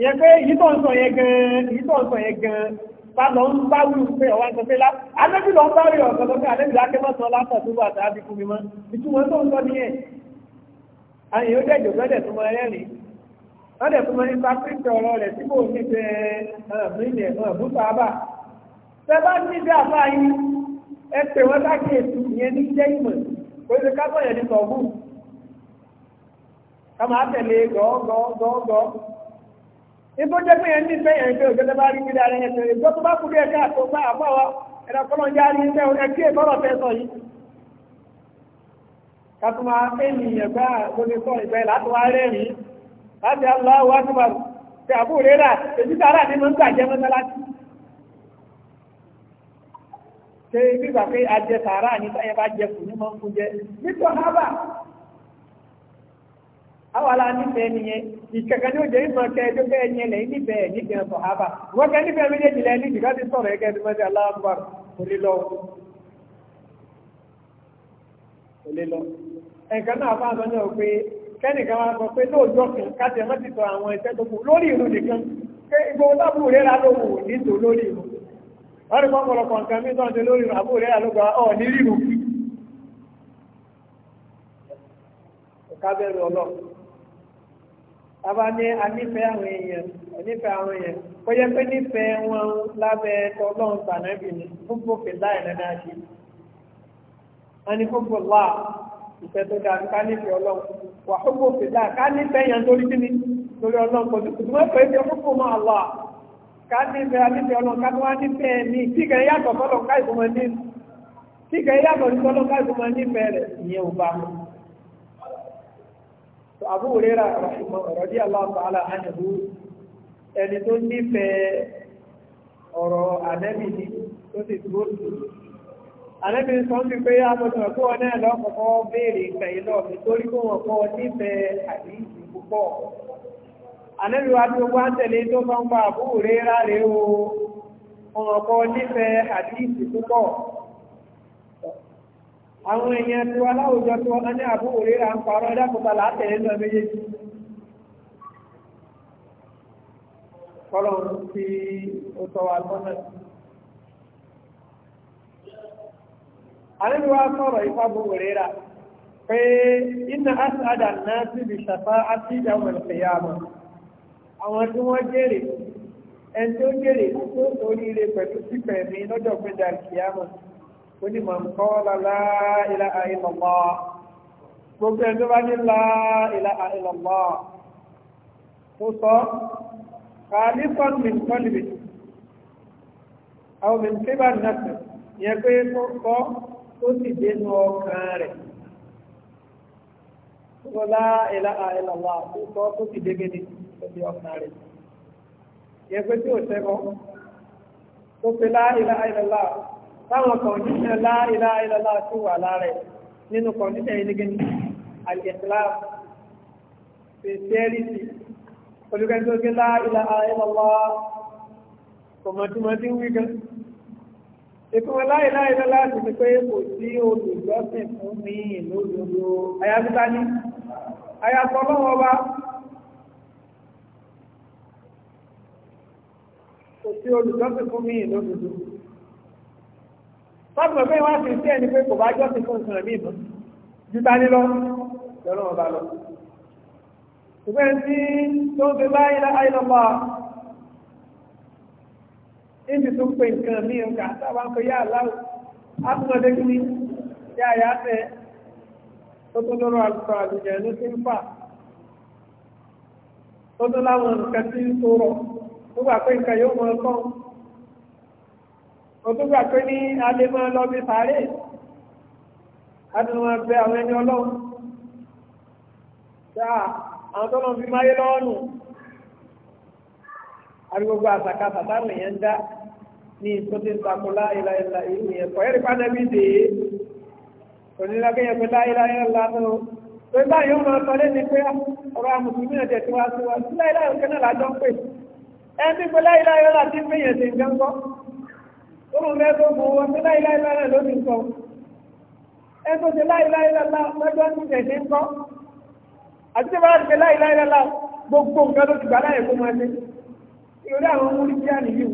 ìyẹn pé èyí tó ń sọ yẹn gan-an èyí tó ń sọ yẹn gan-an bá lọ ń bá wù pé ọ̀wá ń sọ pé láti àdébí lọ ń bá rí ọ̀sán lọ́pẹ́ àdébí lákẹ́ mọ́ sọ látẹ̀súgbò tẹ́bá níbi àbá yìí ẹ̀pẹ̀ wọ́n sákèsì ìyẹn ní jẹ́ ìmọ̀ oṣù kábọ̀yẹ̀ ní sọ̀gbù ká máa tẹ̀lé gọ́ọ̀gọ́ọ̀gọ́ ibó jẹ́ pé yẹn nífẹ̀ẹ́ yẹn pé òjò tẹ́bá rí gbígbá rẹ̀ ẹ̀sẹ̀ ìgbó tó bá kú bí ẹ̀ka àtò bá àbọ̀ wa ẹ̀rọ kọ́lọ́ ń járí iṣẹ́ orí ẹ̀kí ìbọ̀rọ̀ fẹ́ sọ yìí ká tó máa pé ènìyàn gbá lórí sọ ìgbẹ́ láti wá rẹ́rìn-ín láti aláwọ̀ wá tó bá tẹ àbúrẹ́rà ń gbà jẹ́ mọ́tálásí ṣe bíbà pé ajẹ sàárà ní sáyẹn bá jẹ kù ní fún jẹ nítorí awala nífẹ̀ẹ́ nìyẹn ìkẹ̀kẹ́ ní oúnjẹ ìmọ̀ kẹ́ ẹjọ́ kẹ́ ẹ̀yẹ lẹ́yìn nífẹ̀ẹ́ nífẹ̀ẹ́ sọ̀ hábà wọ́n kẹ́ nífẹ̀ẹ́ méjèèjì lẹ́yìn níbi ká ti sọ̀rọ̀ ẹ̀kẹ́ náà pé kẹ́nìkan wá sọ pé lóòjọ́ kan káti sọ àwọn tó kù lórí ìrù nìkan pé ìgbòho wọ́n rí pọ́pọ̀lọpọ̀ nǹkan mí tán ṣe lórí àbú rẹ̀ àlúgbà ọ̀ ní ríru kábẹ̀rẹ̀ ọlọ́ tàbá ní anífẹ́ àwọn èèyàn onífẹ́ àwọn èèyàn kó yẹ pé nífẹ́ wọn lábẹ́ tọ́lọ́n tànẹ́bì ní gbogbo fìlà ẹ̀rẹ́ náà ṣe wọ́n ní gbogbo wà ìfẹ́ tó dáa ká nífẹ́ ọlọ́run wà gbogbo fìlà ká nífẹ́ yẹn lórí kíní lórí ọlọ́run kò tó kánífẹ́ anífẹ́ ọlọ́run kátó wá nífẹ́ ní kíkẹ́ yàtọ̀ tọ́lọ̀ káìsùmọ̀ ní kíkẹ́ yàtọ̀ tọ́lọ̀ káìsùmọ̀ nífẹ́ rẹ̀ ìyẹn ò bá mú. Abu Huraira radiyallahu ta'ala anhu ẹni tó nífẹ́ ọ̀rọ̀ ànẹ́bì ni tó sì dúró sí. Ànẹ́bì sọ ń fi pé àbọ̀tàn kó wọn náà ànábì wa tó wá ń tẹ̀lé tó bá ń pa àbúrò rẹ̀ ráre o ọmọ ọkọ àdíìsì púpọ̀ àwọn èèyàn tó aláwùjọ tó wọn ní àbúrò rẹ̀ ń parọ́ dákòtà látẹ̀lé lọ méjèèjì pé iná náà àti àwọn tí wọ́n jèrè ẹni tó jèrè tó oríire pẹ̀lú pípẹ̀ mi lọ́jọ́ péjà kìámù ó ní mọ̀ nǹkan lálá ilá àìlọ́mọ́ gbogbo ẹni tó bá ní lá ilá àìlọ́mọ́ tó sọ kàálí fọ́nmì kọ́lìbì àwọn mìíràn bá nàkùn yẹn pé kó kọ́ tó sì dénú ọkàn rẹ̀ tó sọ lá ilá àìlọ́mọ́ tó sọ tó sì dégé nìkan lórí ọkàn rẹ̀ yẹgbẹ́ tí ò sẹ́kọ́ tó pe láìlá ìlọ́lá táwọn kọ̀ǹdíṣẹ̀ láìlá ìlọ́lá tó wà lára ẹ̀ nínú kọ̀ǹdíṣẹ̀ ìlẹ́gẹ́ni àlẹ́kìlá sincerity olùkẹ́ni tó ké láìlá ìlọ́lá kò mọ̀túmọ̀tí wí gan ìtumọ̀ láìlá ìlọ́lá ti fi pé kò sí olùjọ́sìn fún mi ìlú òdodo ayábítání ayàtọ̀ ọlọ́wọ́ bá kò sí olùjọ́sìn fún mi lódodo sọ́dún pé wọ́n fi sí ẹni pé kò bá jọ́sìn fún nǹkan mi mọ́ ju tani lọ lọ́nà ọba lọ ṣùgbọ́n tí tó ń fi láyé láyé lọ́pọ̀ níbi tó ń pe nǹkan mi ń kà sábà ń pe yá aláwọ̀ átúmọ̀dé kí ni yá ayá tẹ tó tó lọ́rọ̀ àlùkò àlùjẹ̀ ló ti ń fà tó tó láwọn nǹkan tí ń tó rọ̀ ó gbà pé nǹkan yóò mọ ọkàn ó tún gbà pé ní alẹ́ máa lọ bí sáré adùnmọ̀ bẹ àwọn ẹni ọlọ́run dáa àwọn tó lọ fi máyé lọ́ọ̀nù arigbogbo àtàkàtà táwọn èèyàn ń dá ní ìtòtí ìtakùnlá ìlàìlà ìlú yẹn kọ̀ ẹ́rì pàdébí dèé onílágbéyàn pé láìláì ńlá tó pé báyìí ó máa sọ lé ní pé ọ̀rọ̀ àmùsùlùmí ọ̀jẹ̀ tí wàá sí wa sí láìláì òkè náà lájọ́ ń pè ẹni pé láìláì lọ́la tí fìyẹ̀ sí nǹkan kọ́ tóun mẹ́tò bò wọ́n tí láìláì lọ́la ló ti sọ ẹni tó ti láìláì lọ́la mẹ́tò ti tẹ̀sí ń kọ́ àti tí wọ́n á ti pé láìláì lọ́la gbogbo nǹkan ló ti gbà láyè kó máa ṣe ìròlé àwọn ọmọ oníṣẹ́ àníyù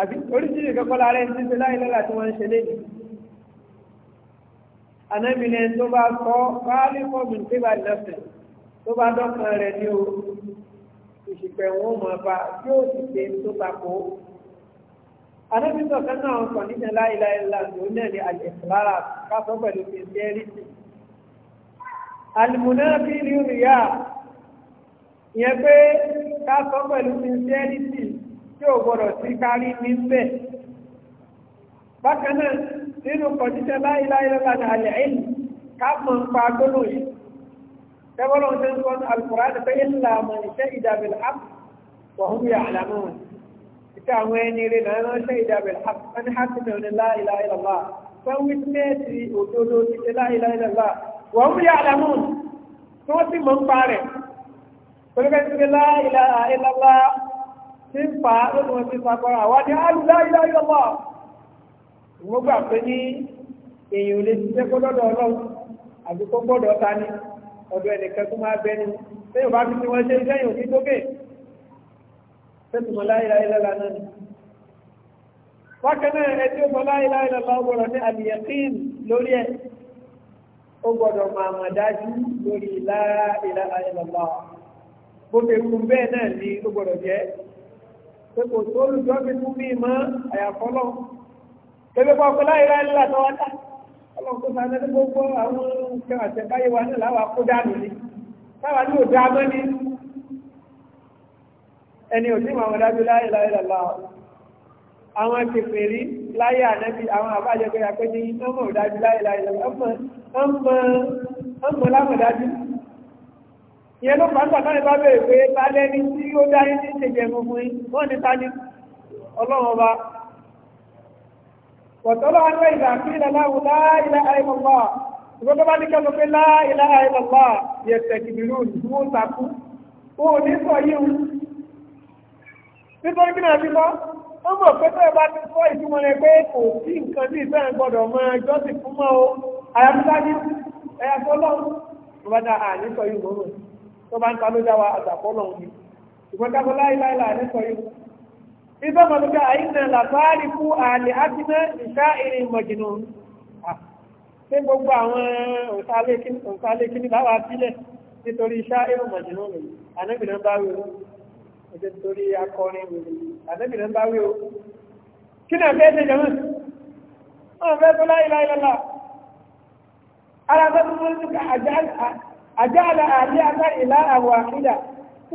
àbí oríṣiríṣi kankan lára ẹni tí ń ṣe láìláì tí wọ́n ń ṣe léyìí anábìnrin tó bá kọ́ káálífọ́ọ̀mù tí bá lọ́sẹ̀ tó bá dọ́kan rẹ̀ ní o ìṣìpẹ̀ wọn ò máa bá yóò sì ṣe tó takò ó. anábìsọ̀ kan náà sọ nígbà láìláì láti ó náà ní àjẹsílára kásọ̀ pẹ̀lú sincerity. alimunafi ni ríyà ìyẹn pé kásọ̀ pẹ̀lú sincerity tí ò gbọdọ̀ sí kárí mi ń bákan náà nínú kọ̀jíṣẹ́ láìláì lọ́la ní àlẹ́ ẹ̀yìn ká mọ̀ ń pa gbólóyìn tẹ́bọ́lọ́ ń tẹ́sọ́ alùpùránì pé ìlà mọ̀ ìṣẹ́ ìdàbẹ̀lẹ̀ hap wà hún yà àlàmọ́ wọn ìṣe àwọn ẹni rẹ̀ náà ń ṣe ìdàbẹ̀lẹ̀ hap wọn hap mẹ́ ní láìlá ìlàlá wọn wítínẹ́ẹ̀sì òdodo ti ṣe láìlá ìlàlá wà hún yà àlàmọ́ wọn tí wọ́n sì mọ̀ ń pa rẹ̀ pẹ̀lúkẹ́ àti kó gbọ́dọ̀ ta ọ̀dọ̀ ẹnìkan tó máa bẹni lẹ́yìn bá fi tí wọ́n ṣe lẹ́yìn òfin tókè tẹ́tùmọ̀ láìláìlọ́lá náà ni wákanáà ẹni ó mọ láìláìlọ́lá ọgbọ̀rọ̀ ní àlìyàkín lórí ẹ̀ ó gbọ́dọ̀ máa mọ̀ dájú lórí láìláìlọ́lá gbogbo ikú bẹ́ẹ̀ náà ni ó gbọ́dọ̀ jẹ́ pé kò ọlọ́kọ́ máa lẹ́nu gbogbo àwọn nǹkan àtẹ̀báyé wa náà láwa kó dànù ni táwa ní òdá mọ́ ni ẹni òdí mọ̀ àwọn dájú láyé láyé lọ́la àwọn kèfèrí láyé ànábì àwọn àbájọ pé àpé ní ọmọ òdájú láyé láyé lọ́la ọmọ lámọ̀dájú ìyẹn ló pàtàkì àtàrí bá bèèrè pé bá lẹ́ni tí ó dá yín ní ìṣèjẹ̀mú fún yín wọ́n ní ta wọ̀tọ́lọ́ àwọn ìlà kí ìlàlá wùlá ilá àìlọ́lá ìgbọ́n tó bá ní kẹ́lọ́ pé láà ilá àìlọ́lá yẹ tẹ̀kìbìrú ìdúró takú o ní sọ yíwu nítorí kí náà ti lọ wọ́n mọ̀ pé tẹ́lẹ̀ bá ti sọ ìtumọ̀ rẹ̀ pé kò sí nǹkan bí ìfẹ́ gbọ́dọ̀ mọ ẹjọ́ sì fún mọ́ o àyàfúlá ní ẹ̀yà tó lọ́ tó bá dáa ní sọ yíwu mọ́ tó bá ń ta ló já wa àgbàpọ̀ lọ́hùn ibẹ́ mọ̀lúkà àìsàn làbáàrí fún àlè ápínà ìṣá ìrìn mọ̀jìnà ṣé gbogbo àwọn òǹkàlékíní bá wà sílẹ̀ nítorí ìṣá ìrìn mọ̀jìnà rẹ̀ ànábìnà bá wí o ọjọ́ nítorí akọrin rẹ̀ ànábìnà bá wí o kí náà fẹ́ ṣe jẹun ọ̀n fẹ́ tó láìláìlọ́lá ara fẹ́ tó mọ́lúkà àjá àlà àlè àtà ìlà àwọ̀ àkídà tó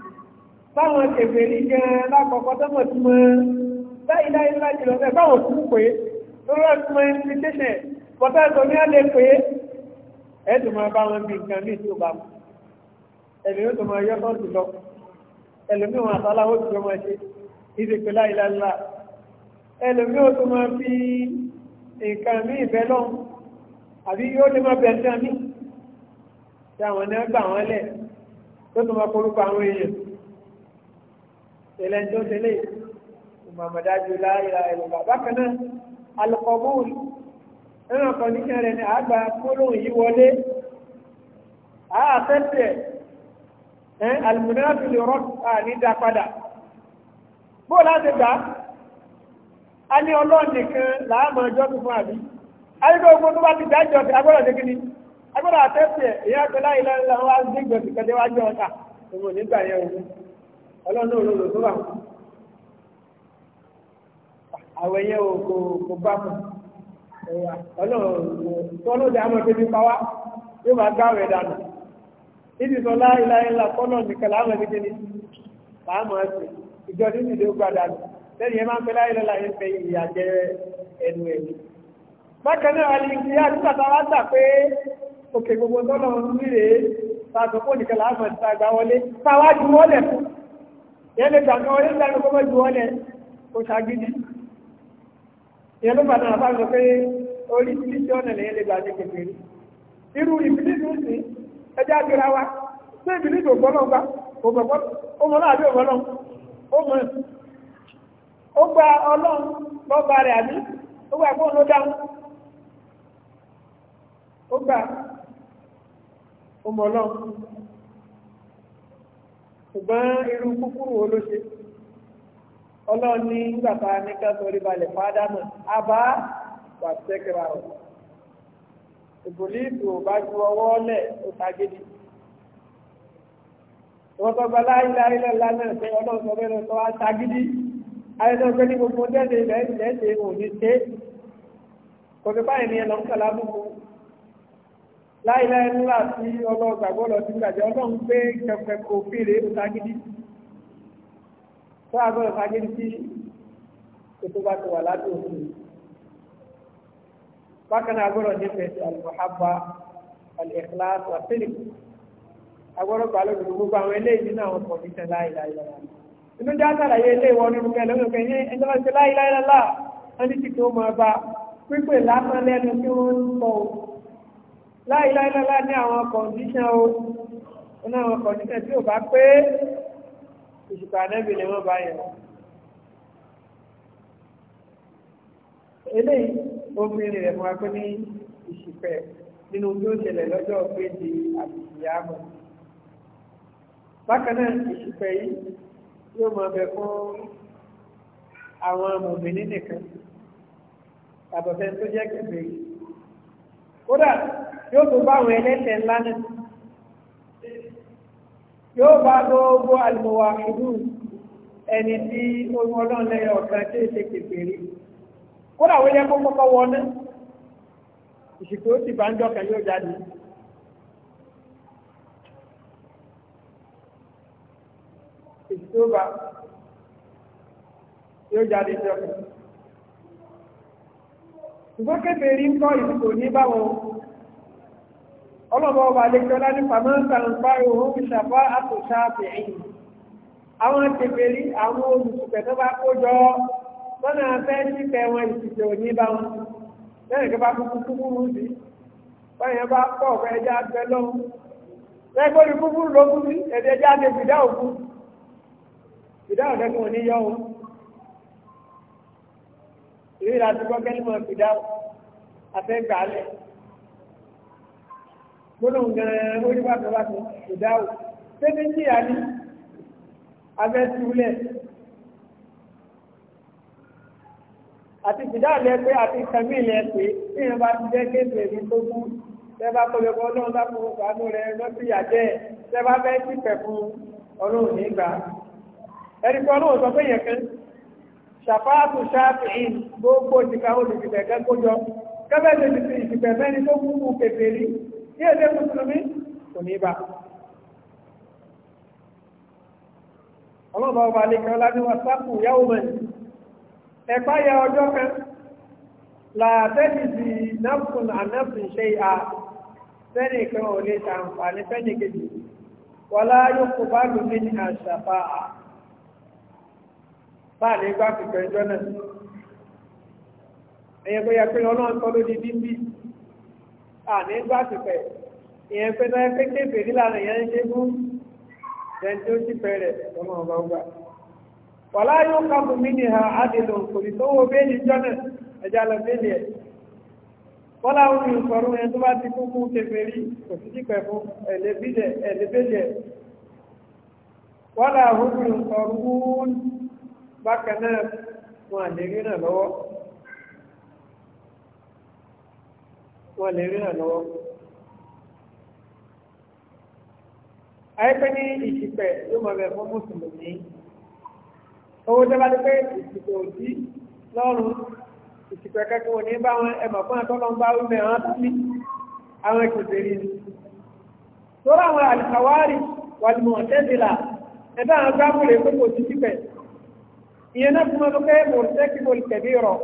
báwọn kèfè ní jẹ́ lákọ̀ọ́kọ́ tó mọ̀ tí mọ́ láì láì láì jùlọ fẹ́ báwọn kú pé lórí ọdún mọ́ invitation bọ́tá tó ní ọdẹ pé ẹ̀dùn máa bá wọn bí nǹkan ní ìṣòba ẹ̀lú yóò tó máa yọ́ tán jùlọ ẹ̀lú mi wọn àtàláwọ̀ tó máa ṣe ìdè pé láì láì láì ẹ̀lú mi ò tó máa fi nǹkan ní ìfẹ́ lọ́n àbí yóò lè má bẹ̀ẹ́ sí àmì tí àwọn ẹ̀gbà wọn lẹ̀ tó tó máa korúkọ àwọn èèyàn tẹ̀lẹ̀ ń tó tẹ̀lé ìmọ̀mọ̀dájú láìra ìlúgbà bákan náà alùpọ̀mọ́ùn nínú kọ̀ndíṣẹ́ rẹ̀ ni àgbà kólóhùn yìí wọlé àáfẹ́sẹ̀ ẹ̀ alùmùnáfìlì rọ́pà ní dápadà bó láti gbà á ní ọlọ́run nìkan láàmọ̀ ọjọ́ tó fún àbí ayédè ogun tó bá ti dájọ́ ti agbọ́dọ̀ ṣe kíni agbọ́dọ̀ àfẹ́sẹ̀ èyí àgbẹ̀ láìláńlá wá ọlọ́run olóòlò tó wà àwọn ẹ̀yẹ kò kò bá mọ̀ ọlọ́run tọ́lọ́ dẹ̀ àmọ́ tẹ́bí pawá yóò bá gbá rẹ̀ dànù níbi sọ láìláì ńlá kọ́nà nìkan láwọn ẹ̀mí kíni láàmú ẹ̀sìn ìjọ nínú ìdè ogun àdàlù lẹ́yìn ẹ̀ máa ń pẹ́ láìláì ń fẹ́ ìyà jẹ ẹnu ẹ̀mí. bákan náà alẹ́ ìgbé àdúgbà tá a wá gbà pé òkè gbogbo tọ́lọ́ ń rí rèé tá a sọ fóònù kan láàmú ẹ̀sìn àgbà wọlé tá a wá ju wọlé fún yẹn lè kan orí ìgbàlù kó ju ọlẹ̀ kó ṣàgídí yẹn ló bàtà àbá sọ pé orí ti ṣe ọ̀nà lẹ́yìn lè gbà kékeré irú wa ṣé ìbílísì ò gbọ́nà gbà kò náà àbí ó gba ọlọ́run lọ́ba rẹ̀ àbí ó gba ló dáhùn gba ṣùgbọ́n irú kúkúrú wo ló ṣe ọlọ́run ní gbàtà ní ká sọrí balẹ̀ fádámù àbá wà sẹ́kẹ̀rà rẹ̀ ìbòlíìbò bá ju ọwọ́ lẹ̀ ó tagídì wọ́n tọ́gbà láìláì lọ́la náà pé ọlọ́run sọ bẹ́ẹ̀ lọ́tọ́ wá tagídì ayélujára pé ní gbogbo jẹ́lẹ̀ ilẹ̀ ìṣẹ́ ṣe òní ṣe kò sí báyìí ní ẹ̀lọ́ ń kàlá bùkún láìláì ńlá tí ọlọ́gbàgbọ́lọ̀ ti gbàjẹ́ ọlọ́run pé kẹfẹ́ kò fèrè òtagídí tó àgbọ̀rọ̀ fagídí tí ètò bá ti wà láti òfin bákan náà agbọ́rọ̀ nífẹ̀ẹ́ sí alùpàápà alẹ́kìlá wàsílì agbọ́rọ̀ gbàlódé gbogbo àwọn eléyìí nínú àwọn kọ̀míṣẹ́ láìláì lọ́la inú dá sàlàyé ilé ìwọ nínú kẹlẹ́ lónìí kẹyìn ẹjọ́ bá ti láìláìlọ́lá ní àwọn kọ̀ǹdíṣàn o ní àwọn kọ̀ǹdíṣàn tí ò bá pé òṣùpá anẹ́bì lè wọ́n bá yẹn eléyìí obìnrin rẹ̀ fún wa pé ní ìṣìpẹ̀ nínú bí ó ṣẹlẹ̀ lọ́jọ́ pé di àbùsíyàmù bákan náà ìṣìpẹ̀ yìí yóò máa bẹ fún àwọn mòmìnì nìkan àbọ̀fẹ́ tó jẹ́ kẹfẹ́ kódà yóò tó bá àwọn ẹlẹ́tẹ̀ ńlá náà yóò bá gbogbo àlùmọ̀wà ìlú ẹni tí ohun ọlọ́run lẹ́yìn ọ̀kan tí èsè kékeré kódà wọ́n yẹ kó kọ́kọ́ wọná ìsìnkú ó sì bá ń dọ́kẹ́ yóò jáde. ìsìnkú ó bá yóò jáde dọ́kẹ́. ṣùgbọ́n kékeré ń kọ́ ìsìnkú ní báwọn ọlọ́bọ̀ ọba àlejọ́lá ní pàmọ́ǹtà ń bá ìhun ìṣàfá àtòṣà àbẹ̀yìn àwọn tèbèrè àwọn olùsùpẹ̀ tó bá kójọ lọ́nà afẹ́ sípẹ̀ wọn ìsìnkẹ̀ òní bá wọn lẹ́yìn tó bá kúkú kúkúrú sí báyẹn bá pọ̀ ọ̀fẹ́ ẹja abẹ lọ́wọ́ lẹ́gbọ́n kúkúrú ló sí ẹ̀dẹ̀ ẹja abẹ fìdá òkú fìdá òdẹ́kùn òní yọ wọn ìrírí àti gbọ́gẹ́lì mọ̀ fìdá afẹ́ gbàálẹ̀ gbọ́dọ̀ gan-an orí bá tọ́lá tó kò dáwò tẹ́lẹ̀ tí a ní abẹ́túlẹ̀ àti ìdáàlẹ́ pé àti ìkàmí ilẹ̀ pé tí ìyẹn bá ti jẹ́ kéèké ní tó kú tẹ́bá pẹ̀lẹ́kọ́ ọlọ́run dákùn fàánú rẹ̀ lọ́sí ìyàjẹ́ tẹ́bá fẹ́ sí pẹ̀fún ọlọ́run nígbà ẹ̀ríkọ́ ọlọ́run sọ pé yẹn kan ṣàfáàtù ṣáàfìhìn gbogbo ìdìkà olùdìbẹ̀ kẹ́kọ́jọ kẹ́fẹ́ lè ti ìdìbẹ̀ mẹ́rin tó kú mú kékeré tí èdè mùsùlùmí kò ní bá ọlọ́bàá ọba lẹ́kẹ́ ọlájúwà sápù yáwó mẹ́rin ẹ̀pá ya ọjọ́ kan làtẹ́jìdì náfún ànáfún ṣe à fẹ́ni kan ò lè ṣàǹfààní fẹ́ni kejì wọlá yóò kó bá lùmí ní àṣàfà à báà ní gbá fìfẹ́ ẹjọ́ náà ẹ̀yẹ́ bóyá pé ọlọ́run tọ́ lóde bíbí àní gbà tìpẹ̀ ìyẹn pé náà pé kébè nílànà ìyẹn ń ṣe fún ẹni tó tìpẹ̀ rẹ̀ ọmọ ọba ọgbà. wàlá yóò ká fún mi ní ha àdìlò òkòlì tó wo béèlì jọ́nà ẹja lọ béèlì ẹ̀. bọ́lá òun ní ìfọ̀rọ̀ yẹn tó bá ti kú fún kébè rí kò sí tìpẹ̀ fún ẹ̀lẹ́bílì ẹ̀. wọ́lá òun ní ìfọ̀rọ̀ bákan náà wọn àlè wọ́n lè rí hàn lọ́wọ́. àyẹ́pẹ́ ní ìṣìpẹ̀ yóò máa bẹ̀ fún mùsùlùmí owó tó bá ti pé ìṣìpẹ̀ òdì lọ́rùn ìṣìpẹ̀ kẹ́kẹ́ òní bá wọn ẹ̀mọ̀ fún àtọ́lọ́n bá wí mẹ́rán sí àwọn ìṣòfèrè ni. sọ́rọ̀ àwọn àlùkàwárì wàlùmọ̀ tẹ́sílà ẹ̀dá àwọn gbámúlẹ̀ pé kò sí sípẹ̀ ìyẹn náà fún wọn pé mọ̀ọ́sẹ́kì mọ̀ọ́sẹ́kì rọ̀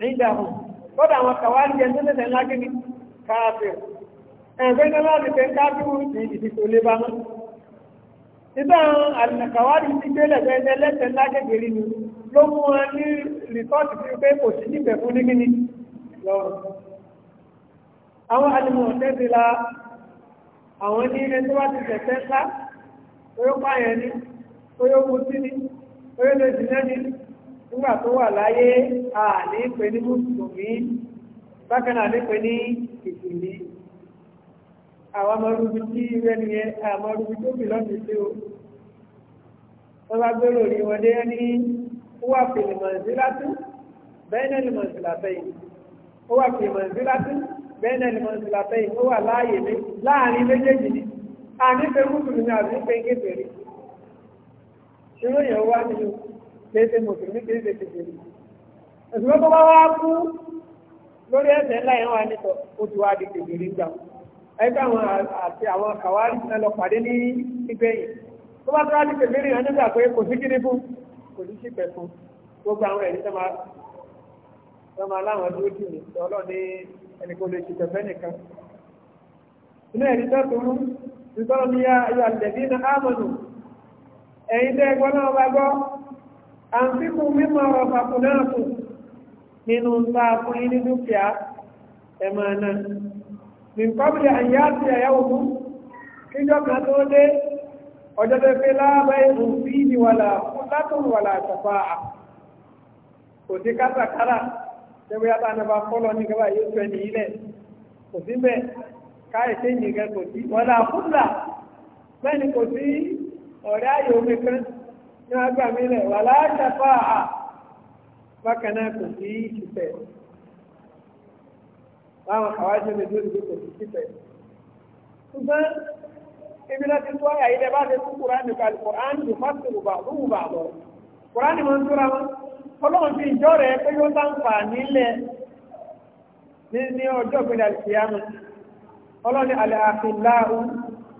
nígbà hàn kọ́dà àwọn kàwárì jẹ́ káàfẹ́ ẹ̀fẹ́ láti fẹ́ káàfíwú ní ni ló mú wọn ní rìpọ́ọ̀tì fi pé kò sí níbẹ̀ fún nígbìní lọ́rùn àwọn alìmọ̀ tẹ́sí la àwọn ní ẹni wá ti tẹ̀tẹ́ ńlá oyó pààyàn ni oyó mutí ni oyó lè jìnnà ni nígbà tó wà láyé àní pé ní mùsùlùmí bákan náà nípe ní ìpìlí àwọn amọ̀rúbi tí rẹ̀ nìyẹn àmọ̀rúbi tó bì lọ́sẹ̀ sí o wọ́n bá gbé lórí wọn dé ní wà fìlì mọ̀nsílátú bẹ́ẹ̀ náà ni mọ̀nsílátẹ́yìn ó wà fìlì mọ̀nsílátú bẹ́ẹ̀ náà ni mọ̀nsílátẹ́yìn ó wà láàyè ní láàrin méjèèjì ni ànífẹ́ mùsùlùmí àti nífẹ́ kébèrè ìròyìn wá nínú léṣe mùsùlùmí kéde kéde ìṣòro tó bá wá kú lórí ẹsẹ̀ ńlá yẹn wà nítọ̀ ó ti wá di kékeré gbà ẹgbẹ́ àwọn àti àwọn kàwárí náà lọ pàdé ní ìgbẹ̀yìn tó bá tó wá di kékeré yẹn nígbà pé kò sí kíní fún kò sí sípẹ̀ fún gbogbo àwọn ẹ̀rí sọ́mà sọ́mà aláwọ̀ tó dì mí ọlọ́ọ̀ ní ẹnì kò lè ṣìkẹ̀ fẹ́ nìkan inú ẹ̀rí tó tó mú nítorí ní ayọ̀ àlẹ́bí náà ámọ̀nù ẹ̀yin tẹ́ ẹgbọ́n náà bá gbọ́ àǹfíkù mímọ̀ ọ̀rọ̀ nínú bá fún yí ní dúkìá ẹ̀mọ̀ náà ní kọ́bílì àyà àti àyàwó fún kíjọ́ kan tó dé ọjọ́ tó fẹ́ láàbá ìlú bí ní wàlà fún látún wàlà àtàfà à kò sí kátàkárà tẹ́wé yàtà nàbà fọ́lọ́ ní kaba yóò fẹ́ ní ilẹ̀ kò sí bẹ́ẹ̀ káyọ̀ sí ìyìnkẹ́ kò sí wàlà fúnlà bẹ́ẹ̀ ni kò sí ọ̀rẹ́ ayò mi kan ní wàá gbà bákan náà kò sí ìfẹ́ báwọn àwájú lè dúró ìgbé kò sí ìfẹ́ ṣùgbọ́n ibi láti tó àyà ilẹ̀ bá ti tún kúrán nípa kúrán ní fásitì wùbà wùbà lọ kúrán ni mo ń tóra wọn ọlọ́run fi ìjọ rẹ̀ pé yóò sáǹfà nílẹ̀ ní ọjọ́ ìpínlẹ̀ àlùfíàmù ọlọ́run ni àlẹ́ àfìláhùn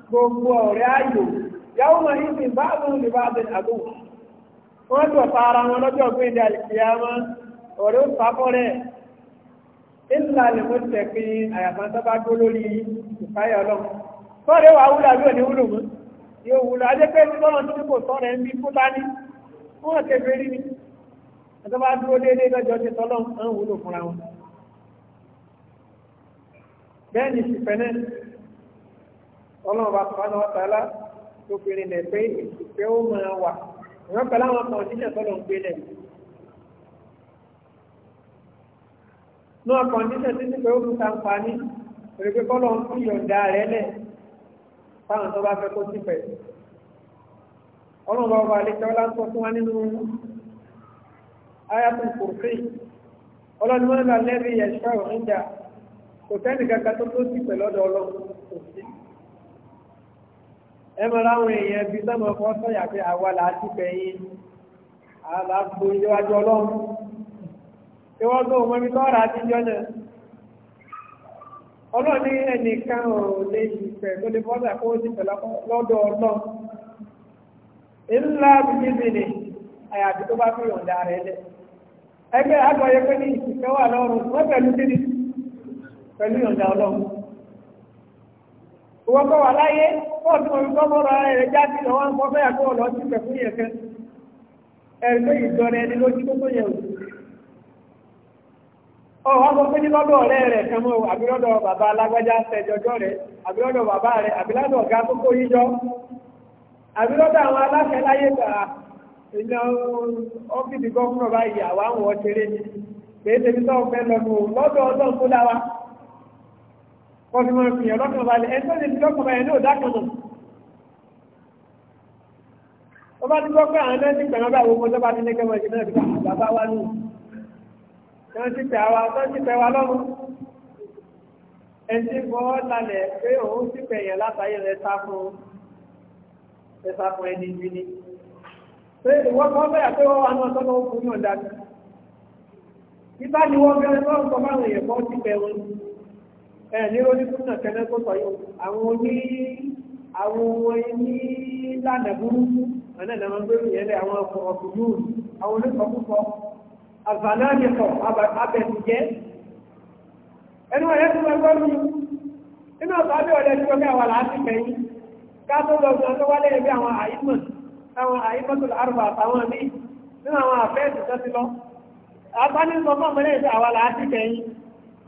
gbogbo ọ̀rẹ́ ayò yàwó mọ̀ ní ìsìn bá ní bá àbẹ̀rẹ̀ wọ́n tó fara wọn lọ́jọ́ pé ìdí àlìkìyàmá ọ̀rẹ́ ó fàbọ́rẹ̀ ìlà lè mú tẹ̀pí àyàfà tó bá gbó lórí ìfáyà ọlọ́run tọ́rẹ̀ wà wúlò àbí òní wúlò mú yóò wúlò ajé pé ní lọ́rọ̀ tó kò tọ́rẹ̀ ń bí fúlá ní wọ́n ti fi rí ni tó bá dúró déédéé lọ́jọ́ ti tọ́lọ́ ń ọlọ́run bá fọ́nà wọ́tàlá tó fi rìn lẹ̀ pé ìsìnkẹ́ ó máa wà ìwọ́n pẹ̀lú àwọn ọmọ òṣìṣẹ́ tọ́lọ̀ ń gbé lẹ̀. náà kọ̀ǹdíṣẹ̀ títí pé ó fún sàǹfààní pèrè pé kọ́lọ̀ ń fi yọ̀ǹda rẹ̀ lẹ̀ fáwọn tó bá fẹ́ kó sí pẹ̀. ọlọ́run bá wà lè tẹ́wọ́lá ń sọ fún wa nínú ayatul kùrfì ọlọ́run mọ́lá lẹ́rìí ẹ̀ṣọ́ ìjà kò sẹ́nì kankan tó tó sí pẹ̀ lọ́dọ̀ ọlọ́run kò sí ẹ mọ láwọn èèyàn bí sọmọ kọ sọyà pé àwa là á ti fẹ̀yìn àlàfo ìjọwájú Ọlọ́run tí wọn tó mọ ibi tó rà á ti jọ náà Ọlọ́run ní ẹnìkan ò lè ìfẹ́ tó lè fọdà kó o ti fẹ́ lọ́dọ̀ Ọlọ́run ńlá bíbí ni àyàfi tó bá fi yọ̀ǹda rẹ̀ lẹ̀ ẹgbẹ́ àgbọ̀yẹ pé ní ìsìnkẹ́ wà lọ́rùn wọ́n pẹ̀lú kí pẹ̀lú yọ̀ǹda Ọlọ́run wọ́n kọ́ wà láyé pọ́ọ̀tù orúkọ mọ́ra rẹ̀ jáde lọ wọ́n kọ́ fẹ́yà kọ́ lọ sí pẹ̀fún yẹn kan ẹ̀rí pé ìjọra ẹni lójú tó tó yẹ o ọ wọ́n sọ pé ní lọ́dọ̀ ọ̀rẹ́ rẹ̀ kan mọ́ àbí lọ́dọ̀ bàbá alágbájá tẹjọjọ́ rẹ̀ àbí lọ́dọ̀ bàbá rẹ̀ àbí lọ́dọ̀ ọ̀gá tó kó yíjọ́ àbí lọ́dọ̀ àwọn aláṣẹ láyé gbà ilẹ̀ ọ́fíìsì gọ́ọ̀mù náà báyìí àwọn àwọn ọ̀ṣẹ́rẹ́ ni kèé tẹ̀mí sọ́ọ̀fẹ́ wọ́n fi máa fi hàn lọ́kàn balẹ̀ ẹgbẹ́ lè fi lọ́kàn balẹ̀ ní òdá kan náà wọ́n bá ti gbọ́ pé àwọn náà ti pẹ̀lú ọgbà gbogbo tó bá ti ní kẹ́mọ̀ ìṣẹ́ náà ti gbà bàbá wa nù wọ́n ti tẹ̀ wa tó ti tẹ̀ wa lọ́rùn ẹtí fọwọ́ lálẹ̀ pé òun ti pẹ̀yẹ̀ látàyè rẹ̀ sá fún rẹ̀ sá fún ẹni bí ni pé ìwọ́n kọ́ bẹ́yà pé wọ́n wà náà tọ́lọ́ òkú náà dájú nígbà ni wọ́n bẹ́ẹ̀ lọ́rùn kọ́ ẹ̀ ní lórí súnà kẹ́lẹ́ tó sọ yóò àwọn oní àwọn oní lànà burúkú ọ̀nà ìlànà gbèrú yẹn lẹ́ àwọn ọkọ̀ ọ̀kọ̀ yóò àwọn oníkọ̀ọ́kọ̀ àbànáàdìkọ̀ abẹ̀tìjẹ́ ẹnu ọ̀yẹ́ tó wọ́n gbọ́rù inú ọ̀sán ọ̀dẹ́ tí wọ́n wà láti kẹ́yìn káàtó lọ́gbọ̀n tó wálé ẹgbẹ́ àwọn àìmọ̀ àwọn àìmọ̀tò àrùbà ti lọ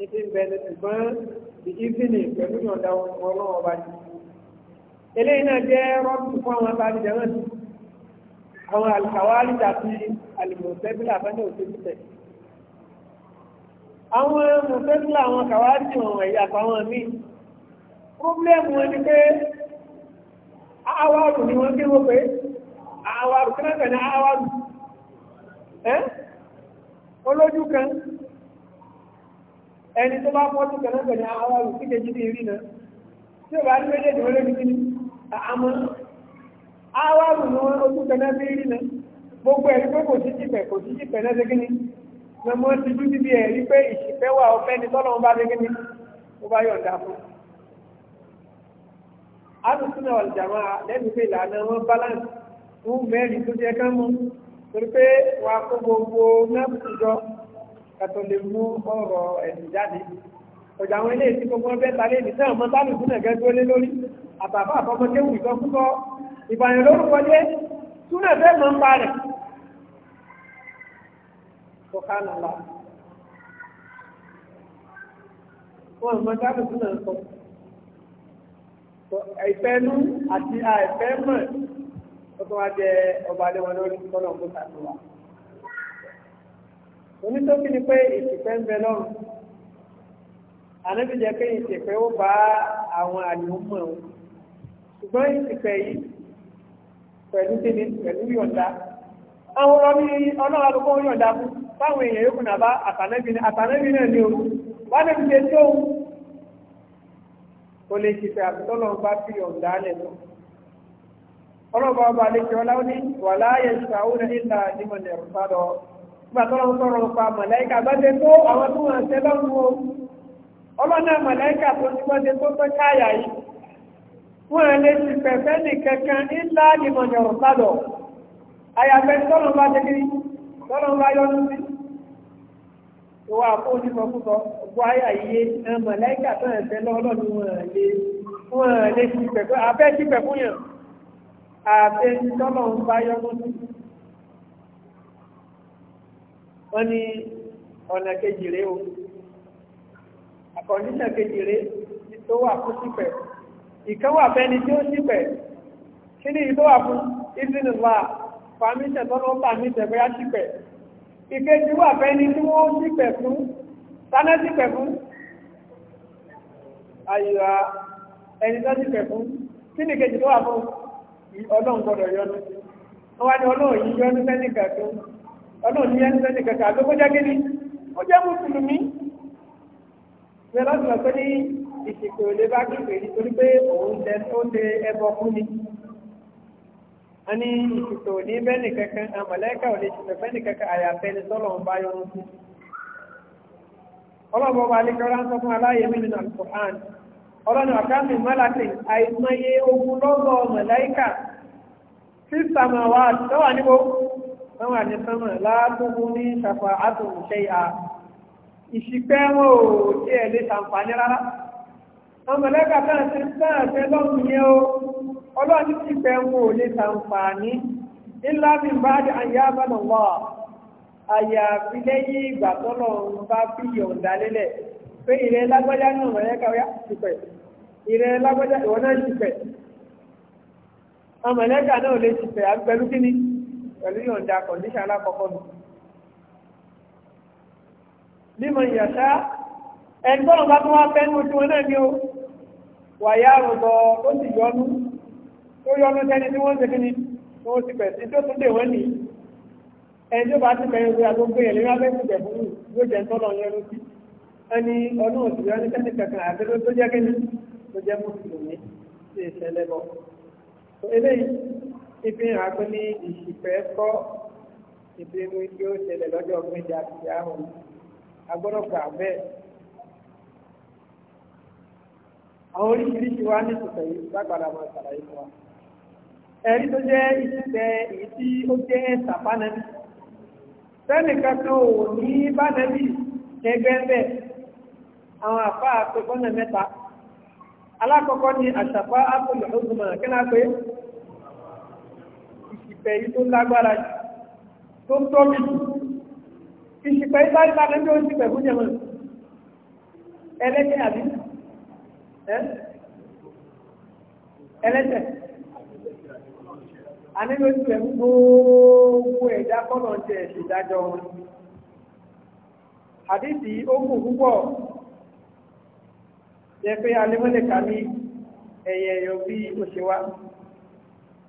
títí ń bẹ ṣùgbọ́n the evening pẹ̀lú ìyọ̀ǹda ọlọ́run ọba ni. eléyìí náà jẹ́ rọ́ọ̀tù fún àwọn abájẹ́ náà ni àwọn àlùkàwárí tàbí àlùmọ̀tẹ́bílà fẹ́lẹ̀ òṣèlúfẹ́. àwọn mọ̀tẹ́bílà àwọn kàwárí wọn ẹ̀yà àpáwọn míì pọ́blẹ́mù wọn ni pé àwárù ni wọ́n kéwọ́ pé àwárù kí náà ní àwárù olójú kan ẹni tó bá fọ́tù kẹ̀lẹ́kẹ̀lẹ́ àwọn olùkíjẹ́ jíde rí náà tí ó bá ní méjèèjì wọlé ní kíní àmọ́ àwọn olùmọ̀ ojú kẹ̀lẹ́kẹ̀ rí náà gbogbo ẹ̀rí pé kò sí jìpẹ̀ kò sí jìpẹ̀ náà ṣégíní na mọ́ ti dúdú bí ẹ̀rí pé ìṣìpẹ́ wà ọ̀fẹ́ ni tọ́lọ́ bá ṣégíní ó bá yọ̀ǹda fún alùsùn náà ọ̀lùjàmọ́ lẹ́nu pé ìlànà wọn balance fún mẹ́rin tó jẹ kán mú torí pé wàá kó gbogbo náà kàtó lè mú ọ̀rọ̀ ẹ̀sìn jáde ọjà àwọn ilé ìsìn gbogbo ọbẹ̀ ta léèdì sẹ́wọ̀n mọ́ tálù sínú ẹ̀gẹ́ tó lé lórí àtàbà àfọmọdéwù ìtọ́kútọ́ ìbàyàn lórúkọ dé túnẹ̀ fẹ́ mọ́ ń pa rẹ̀ kọ́ká nàlá wọn mọ tálù sínú ẹ̀kọ́ ìfẹ́nu àti àìfẹ́ mọ̀ tó tó wá jẹ ọba lé wọn lórí tọ́lọ̀ ń kó tàbí wa onítọ́kì ni pé ìsìnkẹ́ ń bẹ lọ́rùn ànábì jẹ́ pé ìsìnkẹ́ ó bá àwọn àlùmọ̀ ọ̀hún ṣùgbọ́n ìsìnkẹ́ yìí pẹ̀lú kíni pẹ̀lú yọ̀ǹda àwọn ọlọ́bí ọlọ́wà lókọ́ yọ̀ǹda fún báwọn èèyàn yóò kùnà bá àtànẹ́bí náà ní o wọ́n lè fi ṣe tó o lè ṣiṣẹ́ àbútọ́lọ́ bá fi yọ̀ǹda lẹ̀ lọ ọlọ́ba ọba lè ṣe ọlá ó ní wàláyé ṣàwọn ilà nímọ̀ nẹ̀rù sádọ̀ gbàtọ́lọ́ sọ̀rọ̀ pa màláìkà bá ṣe tó àwọn tó wọ́n ṣe lọ́nu o ọlọ́nà màláìkà tó ti wọ́n ṣe tó pẹ́ káyà yìí wọ́n lè ti pẹ̀fẹ́ nìkankan ńlá ìmọ̀nyọ̀rọ̀ sádọ̀ àyàfẹ́ tọ́lọ̀ bá ṣe kiri tọ́lọ̀ bá yọnu sí ìwà àkóòdìmọ̀ púpọ̀ gbọ́ ayà yìí màláìkà tó ẹ̀fẹ́ lọ́lọ́ ni wọ́n lè ti pẹ̀fẹ́ wọ́n ní ọ̀nà kejì rèé o àkọ̀ndíṣà kejì rèé tó wà fún sípẹ̀ ìkan wà fẹ́ni tí ó sípẹ̀ kí ni ìtó wà fún ìsinmi wà fàmíṣẹ̀ tó ló bà mí tẹ̀gbẹ́ sípẹ̀ ìkejì wà fẹ́ni tí wọ́n sípẹ̀ fún sáná sípẹ̀ fún ayọ̀ ẹni tó sípẹ̀ fún kí ni ìkejì tó wà fún ọlọ́run gbọ́dọ̀ yọnu wọ́n wá ní ọlọ́run yìí yọnu fẹ́ni kẹ̀kẹ́ ọlọ́run ní ẹsẹ̀ ní kẹta àti ọkọjá kéde ó jẹ́ mùsùlùmí ìyẹn láti lọ pé ní ìsìnkú òde bá kéde nítorí pé òun tẹ ó tẹ ẹbọ fún ni a ní ìsìnkú òní bẹ́ẹ̀ni kankan àmọ̀lẹ́kà òní ìsìnkú bẹ́ẹ̀ni kankan àyàfẹ́ ni sọ́lọ̀ ń bá yọrun sí ọlọ́bọ̀ wa lè kọ́ra ń sọ fún aláyé mi nínú alukur'an ọlọ́run àkáàmì mọ́làkì àìmọye ogun lọ́gọ́ mọ̀lẹ́kà sísàmà wa tọ́wà níbo wọ́n wà ní sánmà láàbùkù ní ṣàfà àtúnṣe à ìṣìpẹ́ wọn ò tí ẹ̀ lè ṣàǹfààní rárá àwọn mọ̀lẹ́kà táà ti sáà fẹ́ lọ́rùn yẹn o ọlọ́run ti ti fẹ́ wọn ò lè ṣàǹfààní ńlá mi bá di àyà àbálọ̀ wà àyàfi lẹ́yìn ìgbà tọ́lọ̀ ń bá fi yọ̀ǹda lélẹ̀ pé ìrẹ́ lágbájá náà mọ̀lẹ́kà ó náà lè ṣìpẹ̀ àgbẹ̀lú kínní pẹ̀lú yọ̀ǹda kọ̀ndíṣà alákọ̀ọ́kọ́ nù. Bímọ ìyàṣá, ẹgbọ́n bá tún wá fẹ́ ní ojú wọn náà ni ó wàyá àrùntọ̀ tó sì yọnu, tó yọnu tẹ́ni tí wọ́n ń sekí ni, wọ́n ti pẹ̀ sí tó tún dè wọ́n nì. Ẹni tó bá ti pẹ̀ ní ojú gbé yẹn lórí abẹ́sùn pẹ̀ fún yóò jẹ́ tọ́lọ̀ yẹn ló sí. Ẹni ọdún òsì yọ ní kẹ́ni kankan àti tó jẹ́ kẹ́ni tó ibi àgbẹ̀ ní ìṣìpẹ̀ kọ́ ìbínú tí ó ṣẹlẹ̀ lọ́jọ́ gbẹ̀dẹ̀ àti àrùn agbọ́dọ̀ gbà bẹ́ẹ̀. àwọn oríṣiríṣi wa ní ìṣẹ̀lẹ̀ yìí lágbára máa ṣàlàyé fún wa. ẹ̀rí tó jẹ́ ìṣẹ̀lẹ̀ èyí tí ó jẹ́ sàpánẹ́bí. sẹ́nìkan tó ò ní bánẹ́bí ẹgbẹ́ bẹ́ẹ̀ àwọn àfa àpẹ̀kọ́nà mẹ́ta. alákọ̀ọ́kọ́ ni àṣàfà ápùlù ọ̀gbọ̀n kí ìfẹ́ yìí tó lágbára tó tóbi ìṣìpẹ̀ yìí bá rí bàbá tó ń ṣìpẹ̀ fún jẹmọ́ ẹlẹ́tẹ̀ àbí ẹlẹ́tẹ̀ àníbi oṣù ẹ̀ gbogbo ẹ̀dá kọ́nà jẹ ìdájọ́ wọn àdídì ó kù púpọ̀ jẹ́ pé alẹ́mọ́lẹ̀ kàmí ẹ̀yẹ̀ ẹ̀yọ̀ bí ó ṣe wá.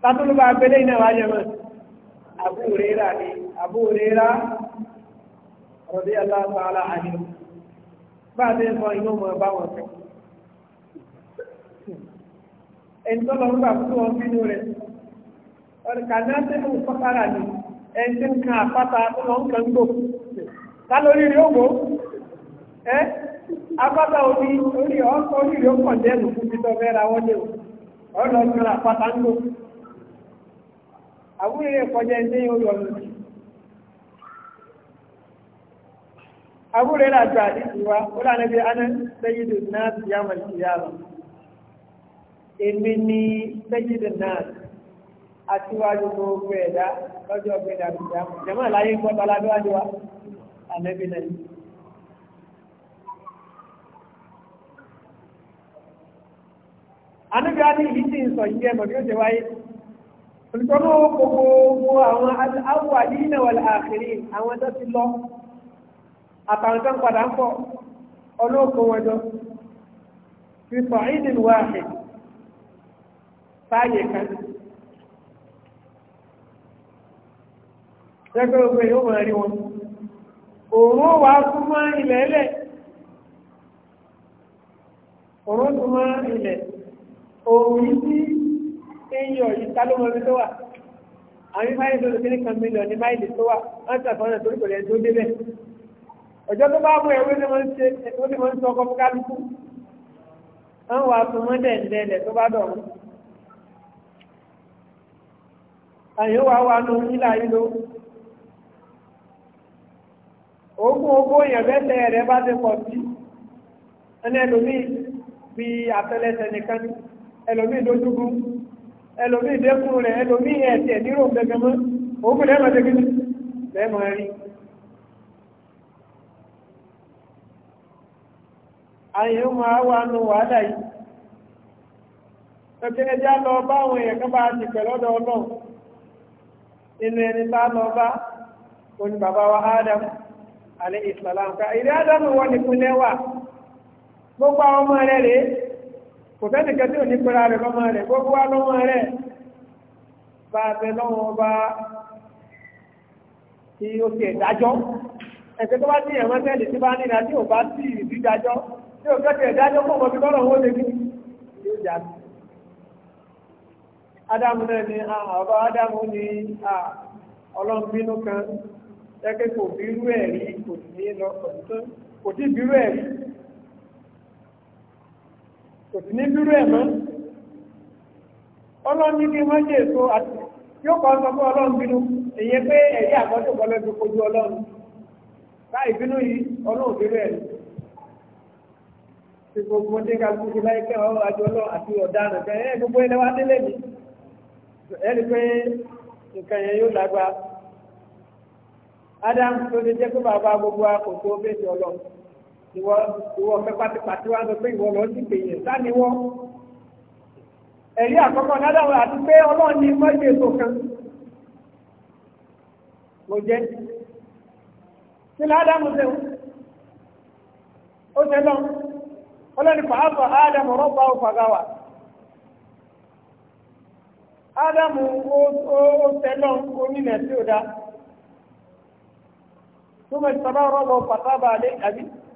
tátúlù bá gbélé iná wá jẹ mọ́ Abu Huraira ni Abu Huraira radiyallahu ala anhu bá eh? a ti ń sọ inú mọ̀ ọba wọn fẹ́ ẹni tó lọ ń wọn bínú rẹ̀ ọ̀rẹ́kà náà ti mú fọ́sára ni ẹni tí ń kan àpáta tó lọ ń gbò lórí rí ògbó ẹ apáta orí orí rí fún àbúrò rẹ̀ kọjá ẹni yóò yọ lù sí. àbúrò rẹ̀ àjọ àdìsí wa ó lànà bí aná sẹ́yìdì náà ti yá mọ̀ sí yára. èmi ni sẹ́yìdì náà àtiwájú gbogbo ẹ̀dá lọ́jọ́ ọ̀gbìn àbùjá jẹ̀mọ́ àláyé gbọ́ balábíwájú wa ànẹ́bí náà. ànẹ́bí wa ní ìdí tí ń sọ yìí ẹ̀mọ̀ bí ó ṣe wáyé olùtọ́nà gbogbo àwọn awọ àdínà wà láàkiri àwọn tó ti lọ àtàwọn tó ń padà ń pọ̀ ọlọ́ọ̀kọ́ wọn jọ fi sọ ìdìn wá àṣẹ sáàyè kan jẹ́gbẹ́ gbogbo yóò máa rí wọn òun wà fún mọ́ ilẹ̀ ẹlẹ̀ òun tún mọ́ ilẹ̀ òun yìí ń yọ yìí ta ló mọ ibi tó wà àwọn máìlì tó lè kí ní kan mílíọ̀n ní máìlì tó wà wọ́n tàbí torí kò lè tó débẹ̀ ọjọ́ tó bá mú ẹ̀wé ni wọ́n ti wọ́n sọ ọkọ̀ kálukú wọ́n wà fún wọn dẹ̀ndẹ̀lẹ̀ tó bá dọ̀ wọ́n. àyẹ̀wò àwọn àna onílà yìí ló ogún ogún èèyàn bẹ́sẹ̀ rẹ̀ bá ti pọ̀ sí ẹni ẹlòmíì bíi àtẹlẹsẹ̀ nìkan ẹlòmíì lójúgún. ẹlòmí ìdẹ́kùn rẹ̀ ẹlòmí ẹ̀tẹ̀ nírò gẹ́gẹ́mọ́ òkú lẹ́mọ̀ tẹ́gẹ́mọ́ lẹ́mọ̀ rí àyẹ̀ ń máa wà nù wàhálà yìí pẹ̀tẹ́ ẹjá lọ bá àwọn èèyàn kan bá ti pẹ̀ lọ́dọ̀ ọlọ́run inú ẹni lọ bá oní bàbá wa alẹ́ wọn wà gbogbo àwọn ọmọ rẹ̀ rèé kò sẹ́ni kẹ́tí ò ní pẹ́ra rẹ̀ lọ́mọ rẹ̀ gbogbo wa lọ́mọ rẹ̀ bá a bẹ lọ́wọ́ bá tí ó ti ẹ̀dájọ́ ẹ̀sẹ̀ tó bá ní ẹ̀wọ́n tẹ́lẹ̀ tí bá nínú àti ò bá sí ìdájọ́ tí ò kẹ́tí ẹ̀dájọ́ fún ọmọ bí lọ́rọ̀ wọn lè ní yóò jà sí. ádámù náà ni ah, ọba ádámù ni ah, ọlọ́run bínú kan ẹ̀kẹ́ kò bírú ẹ̀rí kò sí lọ kò sí ní bírú ẹ̀ mọ́ kí wọ́n jẹ́ èso àti yóò kọ́ sọ fún ọlọ́run bínú pé ẹ̀rí àkọ́jọ́ kọ́ lọ́jọ́ kojú ọlọ́run láì bínú yìí ọlọ́run bínú ẹ̀ ti gbogbo ọdẹ ká gbogbo láyé pé àjọ ọlọ́run àti ọ̀daràn kan ẹ̀ gbogbo ẹni pé nǹkan yẹn yóò lágbá Adam tó jẹ́ pé bàbá gbogbo bẹ́ẹ̀ ti ọlọ́run. ìwọ ìwọ fẹ́ pátípátí wá sọ pé ìwọ lọ sí ìpèyẹ sáníwọ́ ẹ̀rí àkọ́kọ́ nádàwọ̀ àti pé ọlọ́run ní mọ́jú èso kan mo jẹ́ kí ládàmù sẹ́wọ́ ó sẹ́lọ́ ọlọ́ni fàáfà ádámù rọ́bà ó fàgáwà ádámù ó sẹ́lọ́ onínà tí ó dá tó mẹ́ sọ́bà rọ́bà ó fàgáwà lé àbí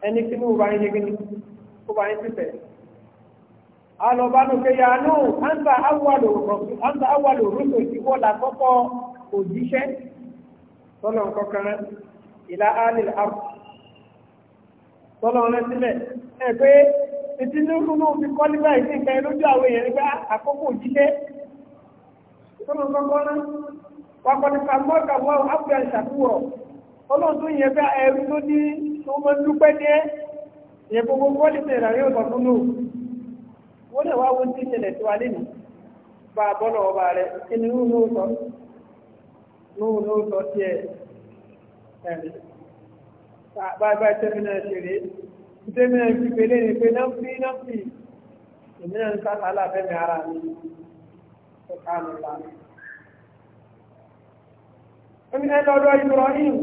ẹni tí mo bá ń ṣe kíni ó bá ń sífẹ̀. alọ́bánu kẹyà nù áńtà awàlò rúṣò tí wọ́n kọ́kọ́ òjíṣẹ́ tọ́lọ̀ kankan ìlà alìlẹ̀ àrùn tọ́lọ̀ rẹ sílẹ̀ ẹ pé ètí ní olúmọ̀ fi kọ́ lójú àwọn èèyàn nígbà àkókò òjíṣẹ́ tọ́lọ̀ wàkọ̀ nípa mọ́ọ̀kà wọ́ọ̀ ìṣàkúwọ̀ tọ́lọ̀ tó yẹ ẹrú tó ní tó mọ́ dúpẹ́ jẹ́ ìyẹn gbogbo kọ́lì tó ìràwé ọ̀tọ̀ fún lò wọ́n lè wá wọ́n ti ṣẹlẹ̀ tó alẹ́ nù bá a bọ́ lọ́wọ́ bá rẹ̀ kí ni rúùn lóòótọ́ rúùn lóòótọ́ tiẹ̀ ẹ̀rí bá bá tẹ́mínà ṣeré tẹ́mínà fi pèlè ní pé náà fi náà fi ìmínà ń sáà láfẹ́mi ara mi ọ̀ká mi lánàá. Omi ẹ lọ́dọ̀ Ibrahim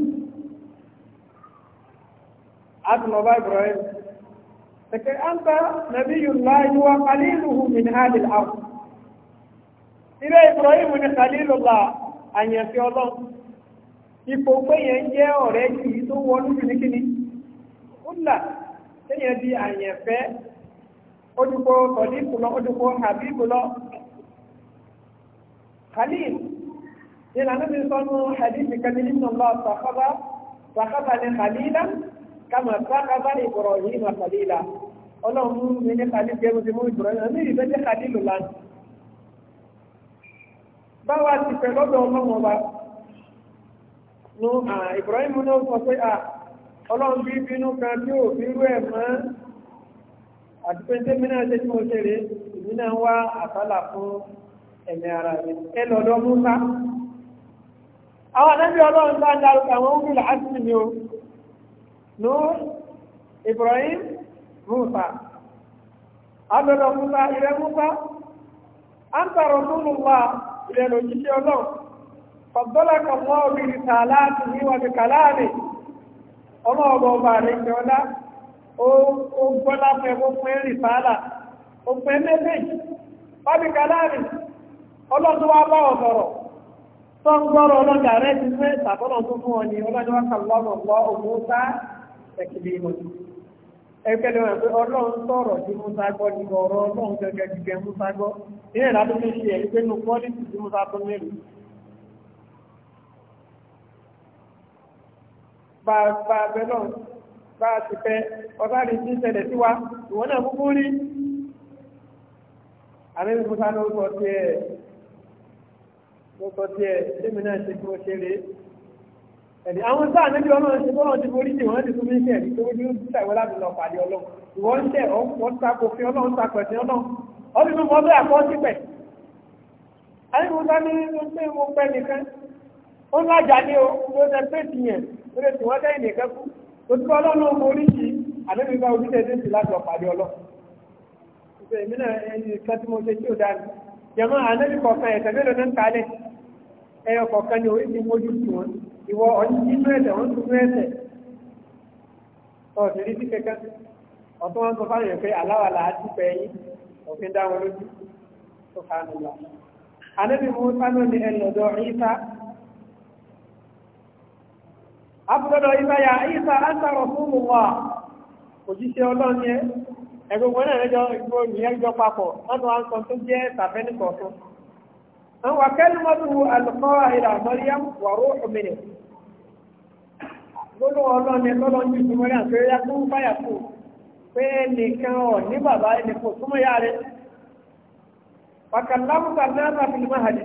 àtùmọ̀bá Ibrahim pẹ̀kẹ́ àǹtà nàbí yùlá yíwá kàlílùhù min hàlìl àwọn ilé Ibrahim ní kàlílùlá àyànfi ọlọ́run ipò pé yẹn jẹ́ ọ̀rẹ́ yìí tó wọnú ní kíni ó là téèyàn di àyànfẹ́ odùkọ kọ̀líkùlọ odùkọ hàbíkùlọ khalil yẹn lànà bí sọ́nù hadithi kan ní nínú lọ sàkọ́bà sàkọ́bà ní khalilan kama sáka bá ní ìkọ̀rọ̀ yìí mà kàlí ìlà ọlọ́run mú mi ní kàlí jẹ́ mo ti mú ìdúró yẹn ní ìfẹ́ jẹ́ kàlí ìlú lánà. báwa ti fẹ́ lọ́dọ̀ ọlọ́run ọba nu Ibrahim náà sọ pé à ọlọ́run bí bínú kan tí ò fi rú ẹ̀ mọ́ àti pé tẹ́mi náà ṣe tí mo ṣe rè èmi náà wá àtàlà fún ẹ̀mí ara mi ẹ lọ́dọ̀ mú ká. àwọn anábì ọlọ́run bá ń darúgbà wọn ń rú làásì mi o. Nuh Ibrahim Musa abẹ́lẹ̀ Musa ilẹ̀ Musa anta Rasulullah ilẹ̀ lòjíṣẹ́ ọlọ́run fọ̀dọ́lá kọ̀mọ́ obìnrin tààlá ti ní ní kàláàlì ọmọ ọmọ ọba rẹ̀ ìjọ ọlá ó gbọ́lá fẹ́ tẹkílímù ẹgbẹ́ni wọn pé ọlọ́run sọ̀rọ̀ tí musa gbọ́ ní ọ̀rọ̀ ọlọ́run gẹ́gẹ́ gẹ́gẹ́ musa gbọ́ ìyẹn ìlànà tó ṣe ẹ̀rí pé nù pọ́lìsì tí musa tó mẹ́rin bá bá bẹ́lọ̀ bá ti fẹ́ ọba rí ti ṣẹlẹ̀ sí wa ìwọ náà kúkú rí àlẹ́ mi musa ló sọ tiẹ̀ ló sọ tiẹ̀ lẹ́mi náà ṣe kí mo ṣe rèé ẹ̀dì àwọn sáà níbi ọlọ́run ṣe bọ́lọ̀ ti borí jì wọ́n ti fún mi ní ẹ̀dì tó ní ìta ìwé láti lọ pàdé ọlọ́run ìwọ́n ń tẹ̀ wọ́n tako fi ọlọ́run tako ẹ̀sìn ọlọ́run ọdún tó mọ bẹ́ẹ̀ àkọ́ sí pẹ̀. ayélujára ní pé mo pẹ́ nìkan ó ń lájà ní o ló ṣe pé tìyẹn ó lè tì wọ́n tẹ́ ìnìkan kú kò sí ọlọ́run borí jì àdébí bá ojú tẹ̀sí sí láti lọ pàdé ọlọ́run. iwọ ọ̀yí nínú ẹ̀tẹ̀ wọ́n tún ní Ọtụtụ sí kẹ́kẹ́ ọ̀tún wọn sọ fáwọn èèyàn pé aláwà là á ti pẹ́ yín òfin dá lójú tó fáwọn lọ. anábì mú sánú ya fún wà yẹn náà ìyẹn jọ ń sọ tó wa kalimatuhu alqaha ila Maryam wa ruhu minhu gbogbo ọlọ́ni tọ́lọ́ ń jùsùn mọ́rí àpẹẹrẹ yá tó ń báyà kú pé nìkan ọ̀ ní bàbá ẹni kò súnmọ́ yá rẹ̀ pàkàlámùkà náà fi máa hàlẹ̀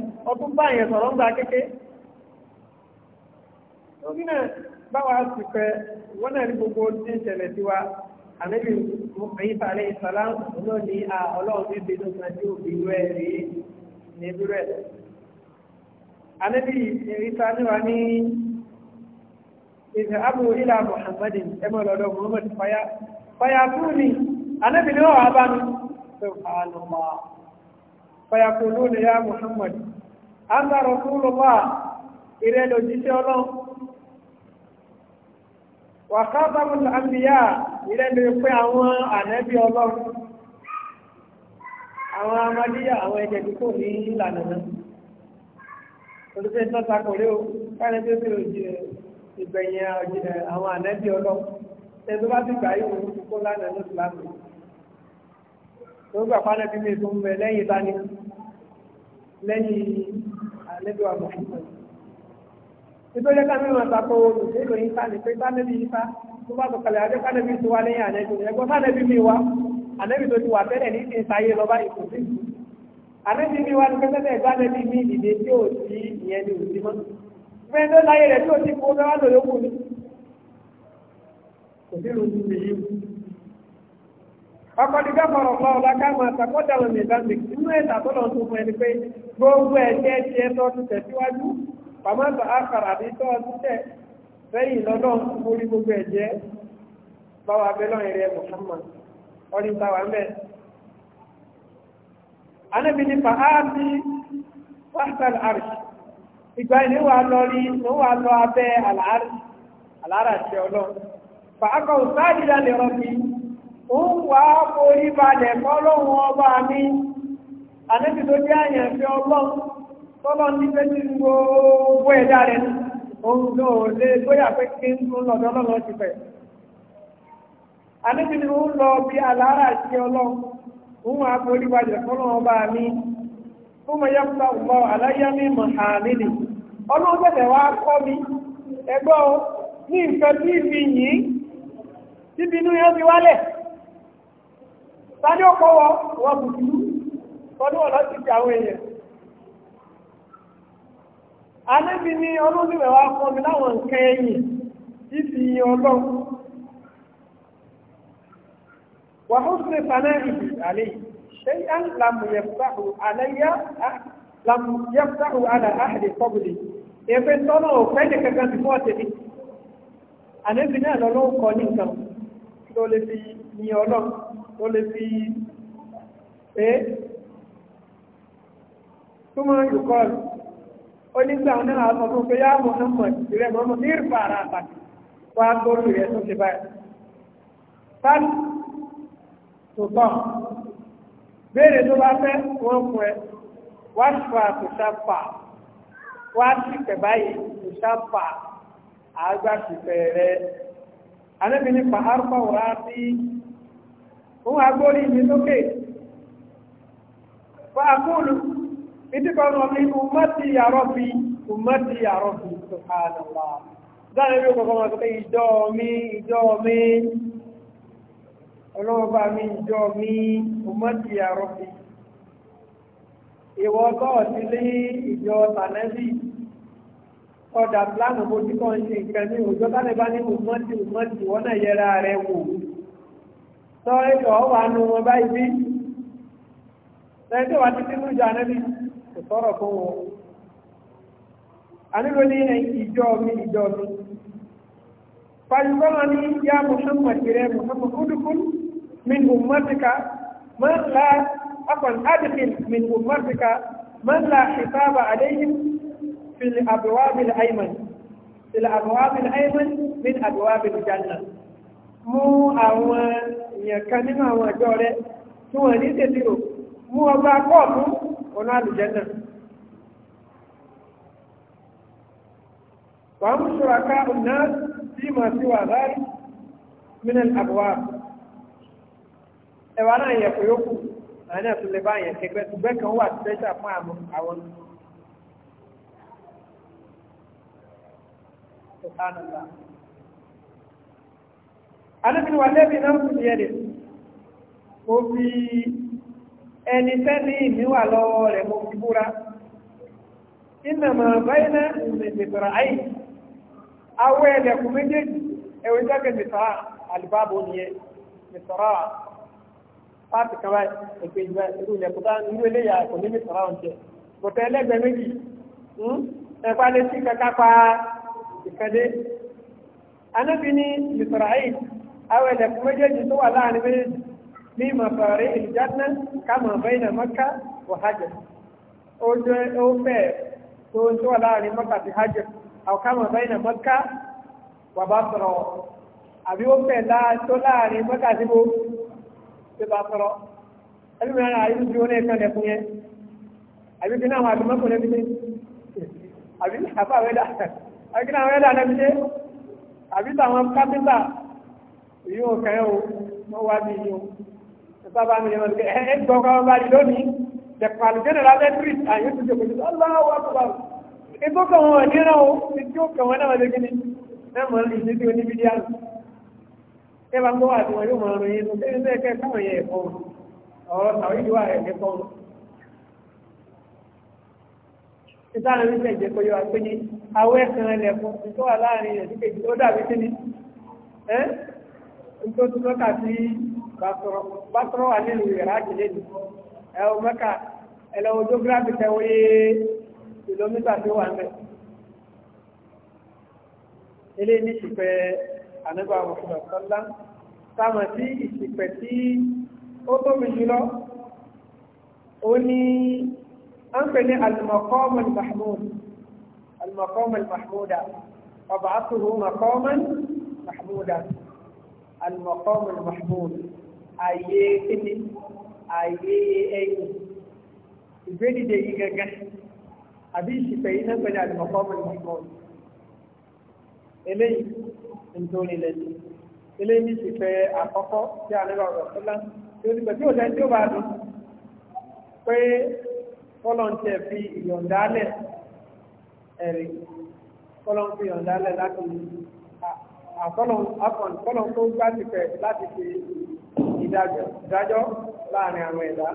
gbogbo níbi rẹ̀. Anábì ìrìta níwa ní ìfẹ́ Abu Ila Muhammadin ẹmọ lọ́dọ̀ Muhammad Faya. Faya fún ni, anábì ni wọ́n wà bá mi, sọ fàánùmá. Faya kò ló ni ya Muhammad. An ta Rasulullah ìrẹ́ lòjíṣẹ́ ọlọ́run. Wà ká bá mú àmì yá ìrẹ́ lè pé àwọn ànábì ọlọ́run àwọn amadíyà àwọn ẹ̀jẹ̀ tí kò ní ìlànà náà olùsẹ́ tọ́ta kò rí o káyọ̀ tó bèrè òjì ìgbẹ̀yìn àwọn ànẹ́bí ọlọ́ ẹni tó bá ti gbà yóò wọ́n kó lánàá ní ìsìlámù tó gbà pálẹ̀ bí mi tó ń bẹ lẹ́yìn tani lẹ́yìn ànẹ́bí wa mọ̀ nítorí ká mímọ̀ tako olùsẹ́ ìlòyìn sáni pé sáni bí ifá tó bá tó kalẹ̀ àjọ sáni bí tó wá lẹ́yìn ànẹ́bí ẹgbọ́n sáni bí mi wá ànẹ́bì tó ti wà tẹ́lẹ̀ ní ìsáyé lọ báyìí kò sí ànẹ́bì mi wá ní pẹ́pẹ́pẹ́ ìgbàlẹ̀ bí mi ìdè tí ò sí ìyẹn ní òsì mọ́ fẹ́ẹ́ tó láyé rẹ̀ tí ò sí kó fẹ́ wá lò lókù ni kò sí lu ti yí ọkọ̀ ní gbàgbọ́rọ̀ fún ọ̀la káàmù àtàkọ́jà wọn ní ìbámu nínú ẹ̀ta tó lọ tó fún ẹni pé gbogbo ẹ̀jẹ̀ tiẹ̀ tó ti tẹ̀síwájú pàmòtò àkàrà àbí tó ti tẹ̀ sẹ́yìn lọ́dọ̀ mórí gbogbo ẹ̀jẹ̀ báwa bẹ́lọ́ ìrẹ́ Muhammad ọdún táwà ń bẹ̀. Anábi ni fàáàtì Fásitán Arṣ. Ìgbà ìní wà lọ rí ló wà lọ abẹ́ àlàárì, àlàárà ṣe ọlọ́run. Fàákọ̀ sáàdìdà lè rọ̀bì, ó ń wà á forí balẹ̀ fọ́lọ́hun ọba mi. Anábi tó jẹ́ àyànfẹ́ ọlọ́run, tọ́lọ́ ní pé tí gbogbo ẹ̀dá rẹ̀, òun ló lè gbóyà pé kí ń lọ́dọ́ lọ́lọ́ ti bẹ̀rẹ̀. àníbi ni ó ń lọ bí alára àti ọlọ́run òun àforí balẹ̀ fọlọ́run mi fún mi yẹ fún ọmọ aláyámí mọ̀hánìlì ọlọ́run bẹ̀rẹ̀ wá kọ́ mi ẹgbọ́ ní nǹkan tí ìfi yìí síbi inú yẹn ti wálẹ̀ sáré wọ ti fi àwọn èèyàn àníbi ni bẹ̀rẹ̀ wá kọ́ mi láwọn nǹkan ẹ̀yìn ìfi وحسن ثنائه عليه شيئا لم يفتحه علي لم يفتحه على أحد قبلي ebe tọ́nà òfẹ́ nìkan kan ti fún ọ̀tẹ̀ ní àníbi náà lọ lóun kọ nìkan tó lè fi ní ọlọ́ tó lè fi pé túmọ̀ ìkọ́ onígbà náà sọ fún pé yá mọ̀ náà mọ̀ ìrẹ́ mọ́ mọ́ ní ìrìfà ara àtàkì wá gbóòrò rẹ̀ tó ti báyìí tòótọ́ béèrè tó bá fẹ́ wọ́n fún ẹ wá fà kò sáfà wá sí pẹ̀ báyìí kò sáfà àgbà sì fẹ̀rẹ̀ anábì nípa arúgbó wà sí òun agbórí mi lókè fún akóòlù ìdíkọ̀ ọ̀nà mi kọ̀ọ̀kan wọn sọ pé ìjọ mi ìjọ mi. ọlọ́wọ́ bá mi jọ mi ọmọdé àrọ́ mi ìwọ ọgọ́ ti lé ìjọ tànẹ́bì ọ̀dà plánù bó ti kàn ṣe nǹkan ní òjò tálẹ́bá ní ọmọdé ọmọdé wọn náà yẹra rẹ wò sọ ètò ọwà nu wọn báyìí bí lẹ́yìn tí wàá ti sínú ìjọ ànẹ́bì kò sọ̀rọ̀ fún wọn ànílò ní ìjọ mi ìjọ mi fàyùkọ́ náà yá mùsùlùmí rẹ mùsùlùmí kúndùkúndù. من أمتك من لا عفوا أدخل من أمتك من لا حساب عليهم في الأبواب الأيمن في الأبواب الأيمن من أبواب الجنة مو أول يكلم أو جورة تو هني تديرو مو أبغى كم هنا الجنة وهم شركاء الناس فيما سوى ذلك من الأبواب ẹwà náà yẹ kó yókù àwọn náà tún lè bá yẹn kẹgbẹ́ ṣùgbẹ́ kan wà special fún àwọn àwọn sọ̀tánàlá. Adébìnrin wà lẹ́bi náà kù díẹ̀ dẹ̀. Mo fi ẹni tẹ́ni ìníwà lọ́wọ́ rẹ̀ mo fi búra. Iná báyìí náà ìrìnlẹ̀ bẹ̀rẹ̀ ayé. Awọ ẹlẹ́kùn méjèèjì ẹ̀wọ̀n jákè mìsọ́rà àlùbáàbò nìyẹn. Mìsọ́rà páàtì kan báyìí èkejì báyìí irú ilẹ̀kùn tá irú eléyà kò ní ní sọ̀rọ̀ oúnjẹ bọ̀tẹ̀ ẹlẹ́gbẹ̀ẹ́ méjì hmm? ẹ̀pá lè sí kankan pa ìkàdé anábì ní israel àwọn ilẹ̀kùn méjèèjì tó wà láàrin méjèèjì ní màfàrẹ́ ìjánná kàmà bẹ́ẹ̀nà mọ́ká wà hajj ó jẹ́ ó fẹ́ tó ń tó wà láàrin mọ́ká àti hajj àwọn kàmà bẹ́ẹ̀nà mọ́ká wà bá sọ̀rọ̀ àbí ó fẹ́ tó láàrin mọ́ká àti gbogbo tó bá sọ̀rọ̀ ẹbí mi ara ayélujú ó ní ẹ̀ka lẹ́kùn yẹn àbí kí náà àwọn àbí mọ́kànlá ẹbí mi àbí àbá wẹ́dà àbí kí náà àwọn wẹ́dà lẹ́bi dé àbí táwọn kápẹ́ntà èyí ò kẹ́ o wọ́n wá bí yìí o nípa bá mi lè mọ̀ ẹ ẹ gbọ́ káwọn bá di lónìí dẹ̀kọ̀ àlùjẹ́nà lábẹ́ tírì àyè tó jòkó jùlọ aláwọ̀ àkọ́bà ètò kàn wọ́n ní náà o ètò kàn wọ́n náà lè gbé ṣé bá gbọ́ àti wọn yóò máa rìn inú ṣé ṣe kẹ́ káwọn yẹn ẹ̀kọ́ ọ̀rọ̀ tàwọn ìlú ààrẹ ẹ̀kọ́ wọn. ìtàn ní ṣẹ̀jẹ̀ kó yọ àpé ní awọ́ ẹ̀sìn ẹlẹ́kùn tó wà láàrin rẹ̀ síkejì ó dàbí kí ni ẹ́ tó tún lọ́kà sí bàtọ́rọ̀ wà nílùú ìrà àjẹlẹ̀ nì ẹ mẹ́ka ẹlẹ́wọ̀n jógráfì tẹ́wọ́yé ànábì Muhammad sọ́lá táwọn tí ìsìpẹ̀ tí ó tóbi jùlọ ó ní à ń pè ní al-maqam al-mahmud al-maqam al-mahmuda wab'athuhu maqaman mahmuda al-maqam al-mahmud àyè yìí gẹ́gẹ́ àbí ìsìpẹ̀ yìí náà pẹ̀lú al-maqam al eléyìí nítorí lẹ́yìn eléyìí ní ìfẹ́ àkọ́kọ́ tí a nílò ọ̀rọ̀ tó lán tí ó ti pẹ̀lú òṣèlú tí ó bá dùn pé fọ́lọ́ǹtẹ̀ fi ìyọ̀ǹdálẹ̀ ẹ̀rí fọ́lọ́ǹ fi ìyọ̀ǹdálẹ̀ láti àfọ́lọ́ǹ tó gbá ti fẹ̀ láti fi ìdájọ́ láàrin àwọn ẹ̀dá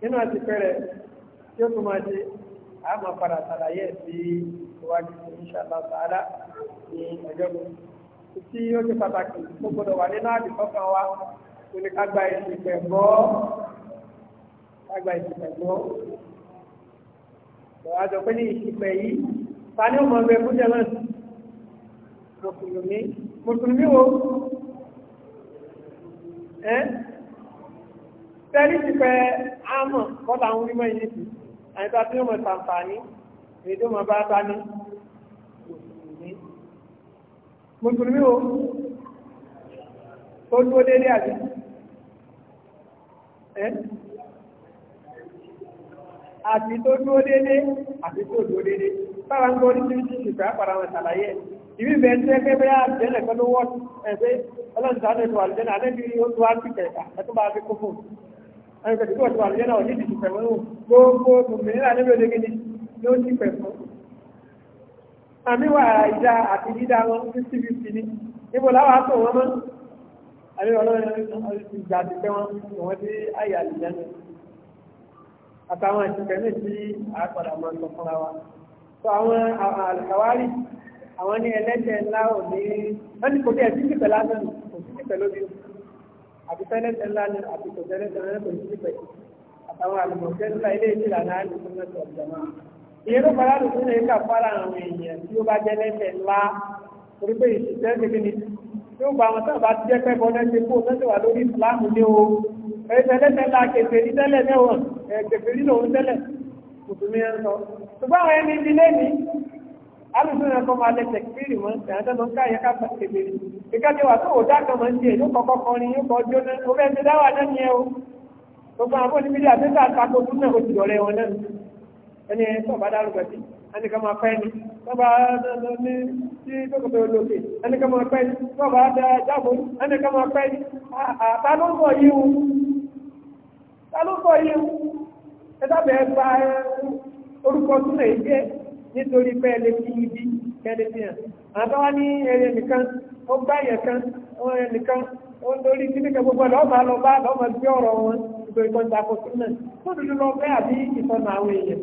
nínú àti fẹ́rẹ̀ tí ó tún máa ṣe àmọ́ padà ṣàlàyé sí iwájú insha Allah ní ọjọ́ mi tí ó ti pàtàkì ó gbọdọ̀ wà nínú àdìsọ́kàn wa kò ní ká gba ìsìnkẹ̀ gbọ́ ká gba ìsìnkẹ̀ gbọ́ lọ́wọ́ àjọ pé ní ìsìnkẹ̀ yìí ta ni ó mọ ọgbẹ́ fún jẹ́lẹ̀ mùsùlùmí mùsùlùmí wo ẹ́ tẹ́lí ti pẹ́ ámọ̀ kọ́ta ń rí mùsùlùmí o ó dúró dédé àti ẹ́ àti tó dúró dédé àti tó dúró dédé sára ń gbọ́ ní tí tí ìfẹ́ àpàrà wọn ṣàlàyé ìbí bẹ́ẹ̀ ń tẹ́gbẹ́ bẹ́ẹ̀ àjẹ́lẹ̀ pẹ̀lú wọ́n ẹ̀fẹ́ ọlọ́dúnrún ètò àlùjẹ́nà alẹ́bí ó tó á ti kẹ̀kà ẹ̀tún bá fi kó fún ẹ̀fẹ́ tó tó àlùjẹ́nà ò ní ti ti pẹ̀ àmìwà ìjà àti dídá wọn fifty fifty ni níbo láwọn àtọ̀ wọn mọ́ àbí ọlọ́run ìgbà àti pẹ́ wọn wọ́n dé àyè àlùjá náà àtàwọn àtìkẹ́ náà tí a padà máa lọ fúnra wa tó àwọn àlùkàwárì àwọn ní ẹlẹ́jẹ̀ ńlá ò ní wọ́n ní kò dé ẹ̀sìn ìpẹ́ lásán kò sí ìpẹ́ lóbi àti tẹ́lẹ̀tẹ̀ ńlá ni àti kò tẹ́lẹ̀tẹ̀ ńlá kò sí ìpẹ́ àtàwọn àlùmọ̀kẹ́ ńlá ilé ìṣẹ̀lẹ̀ àná àlùkò náà tó ìrún faraàlù tó lè kà fara àwọn èèyàn tí ó bá jẹ́ lẹ́sẹ̀ ńlá torí pé ìṣiṣẹ́ ti kíni tí ó gba àwọn tó bá ti jẹ́ pẹ́ bọ́lẹ́ ti kó tó ti wà lórí ìsìláàmù ní o ẹ̀sẹ̀ lẹ́sẹ̀ ńlá kèfèrí tẹ́lẹ̀ mẹ́wọ̀n kèfèrí lòun tẹ́lẹ̀ kùtùmí ẹ̀ ń sọ ṣùgbọ́n àwọn ẹni ilé ní alùsùn ẹ̀kọ́ máa lẹ́sẹ̀ kiri mọ́ ẹ̀ẹ́dẹ́ ló ń ká yẹká kébèrè ìkájẹ́ wà tó òdá kan máa ń tiẹ̀ yóò kọ́kọ́ kan ni yóò kọ́ jóná ó fẹ́ẹ́ ti dáwà náà ni ẹ o gbogbo àwọn onímìlíà tó ń ta àtakò tún náà ó ti dọ̀rẹ́ wọn náà ẹni tó bá dárúkọ sí ẹni kan máa pẹ́ ni tó bá ní tí tókòtò olóòkè ẹni kan máa pẹ́ ni tó bá jábọ̀ ẹni kan máa pẹ́ ni ta ló ń bọ̀ yìí o ta ló ń bọ̀ yìí o ẹ dábẹ́ gba orúkọ súnà yìí jẹ́ nítorí pé ẹni fi ibi kẹ́ni fi hàn àtọ́wá ní ẹni nìkan ó gbá yẹn kan ó ẹni nìkan ó ń lórí kíní kan gbogbo ẹ̀ lọ́ọ́ máa lọ bá lọ́ọ́ máa gbé ọ̀rọ̀ wọn ìgbèríkọ̀ ìtàkùn súnà tó dúdú lọ bẹ́ẹ̀ àbí ìtọ́nà àwọn èèyàn.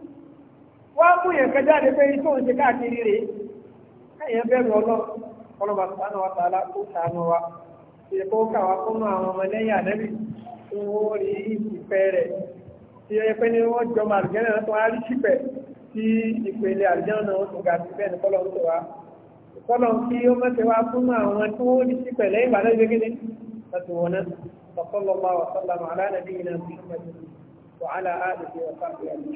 wá mú yẹn kan jáde pé tó ń ṣe káàkiri rè káyẹn bẹ̀rù ọlọ́ ọlọ́ba sànù wa tààlà kó sànù wa ṣe kó kà wá fún àwọn ọmọ lẹ́yìn ànẹ́bì tí wọ́n rí ìfẹ́ rẹ̀ tí ó yẹ pé ní wọ́n jọ máa àlùjẹ́ náà tó wá rí sípẹ̀ tí ìpele àlùjẹ́ náà ó tún ga sí bẹ́ẹ̀ ní kọ́lọ́ ń tó wa kọ́lọ̀ kí ó mẹ́tẹ̀ wá fún àwọn tí wọ́n ní sípẹ̀ lẹ́yìn ìgbà náà gbégé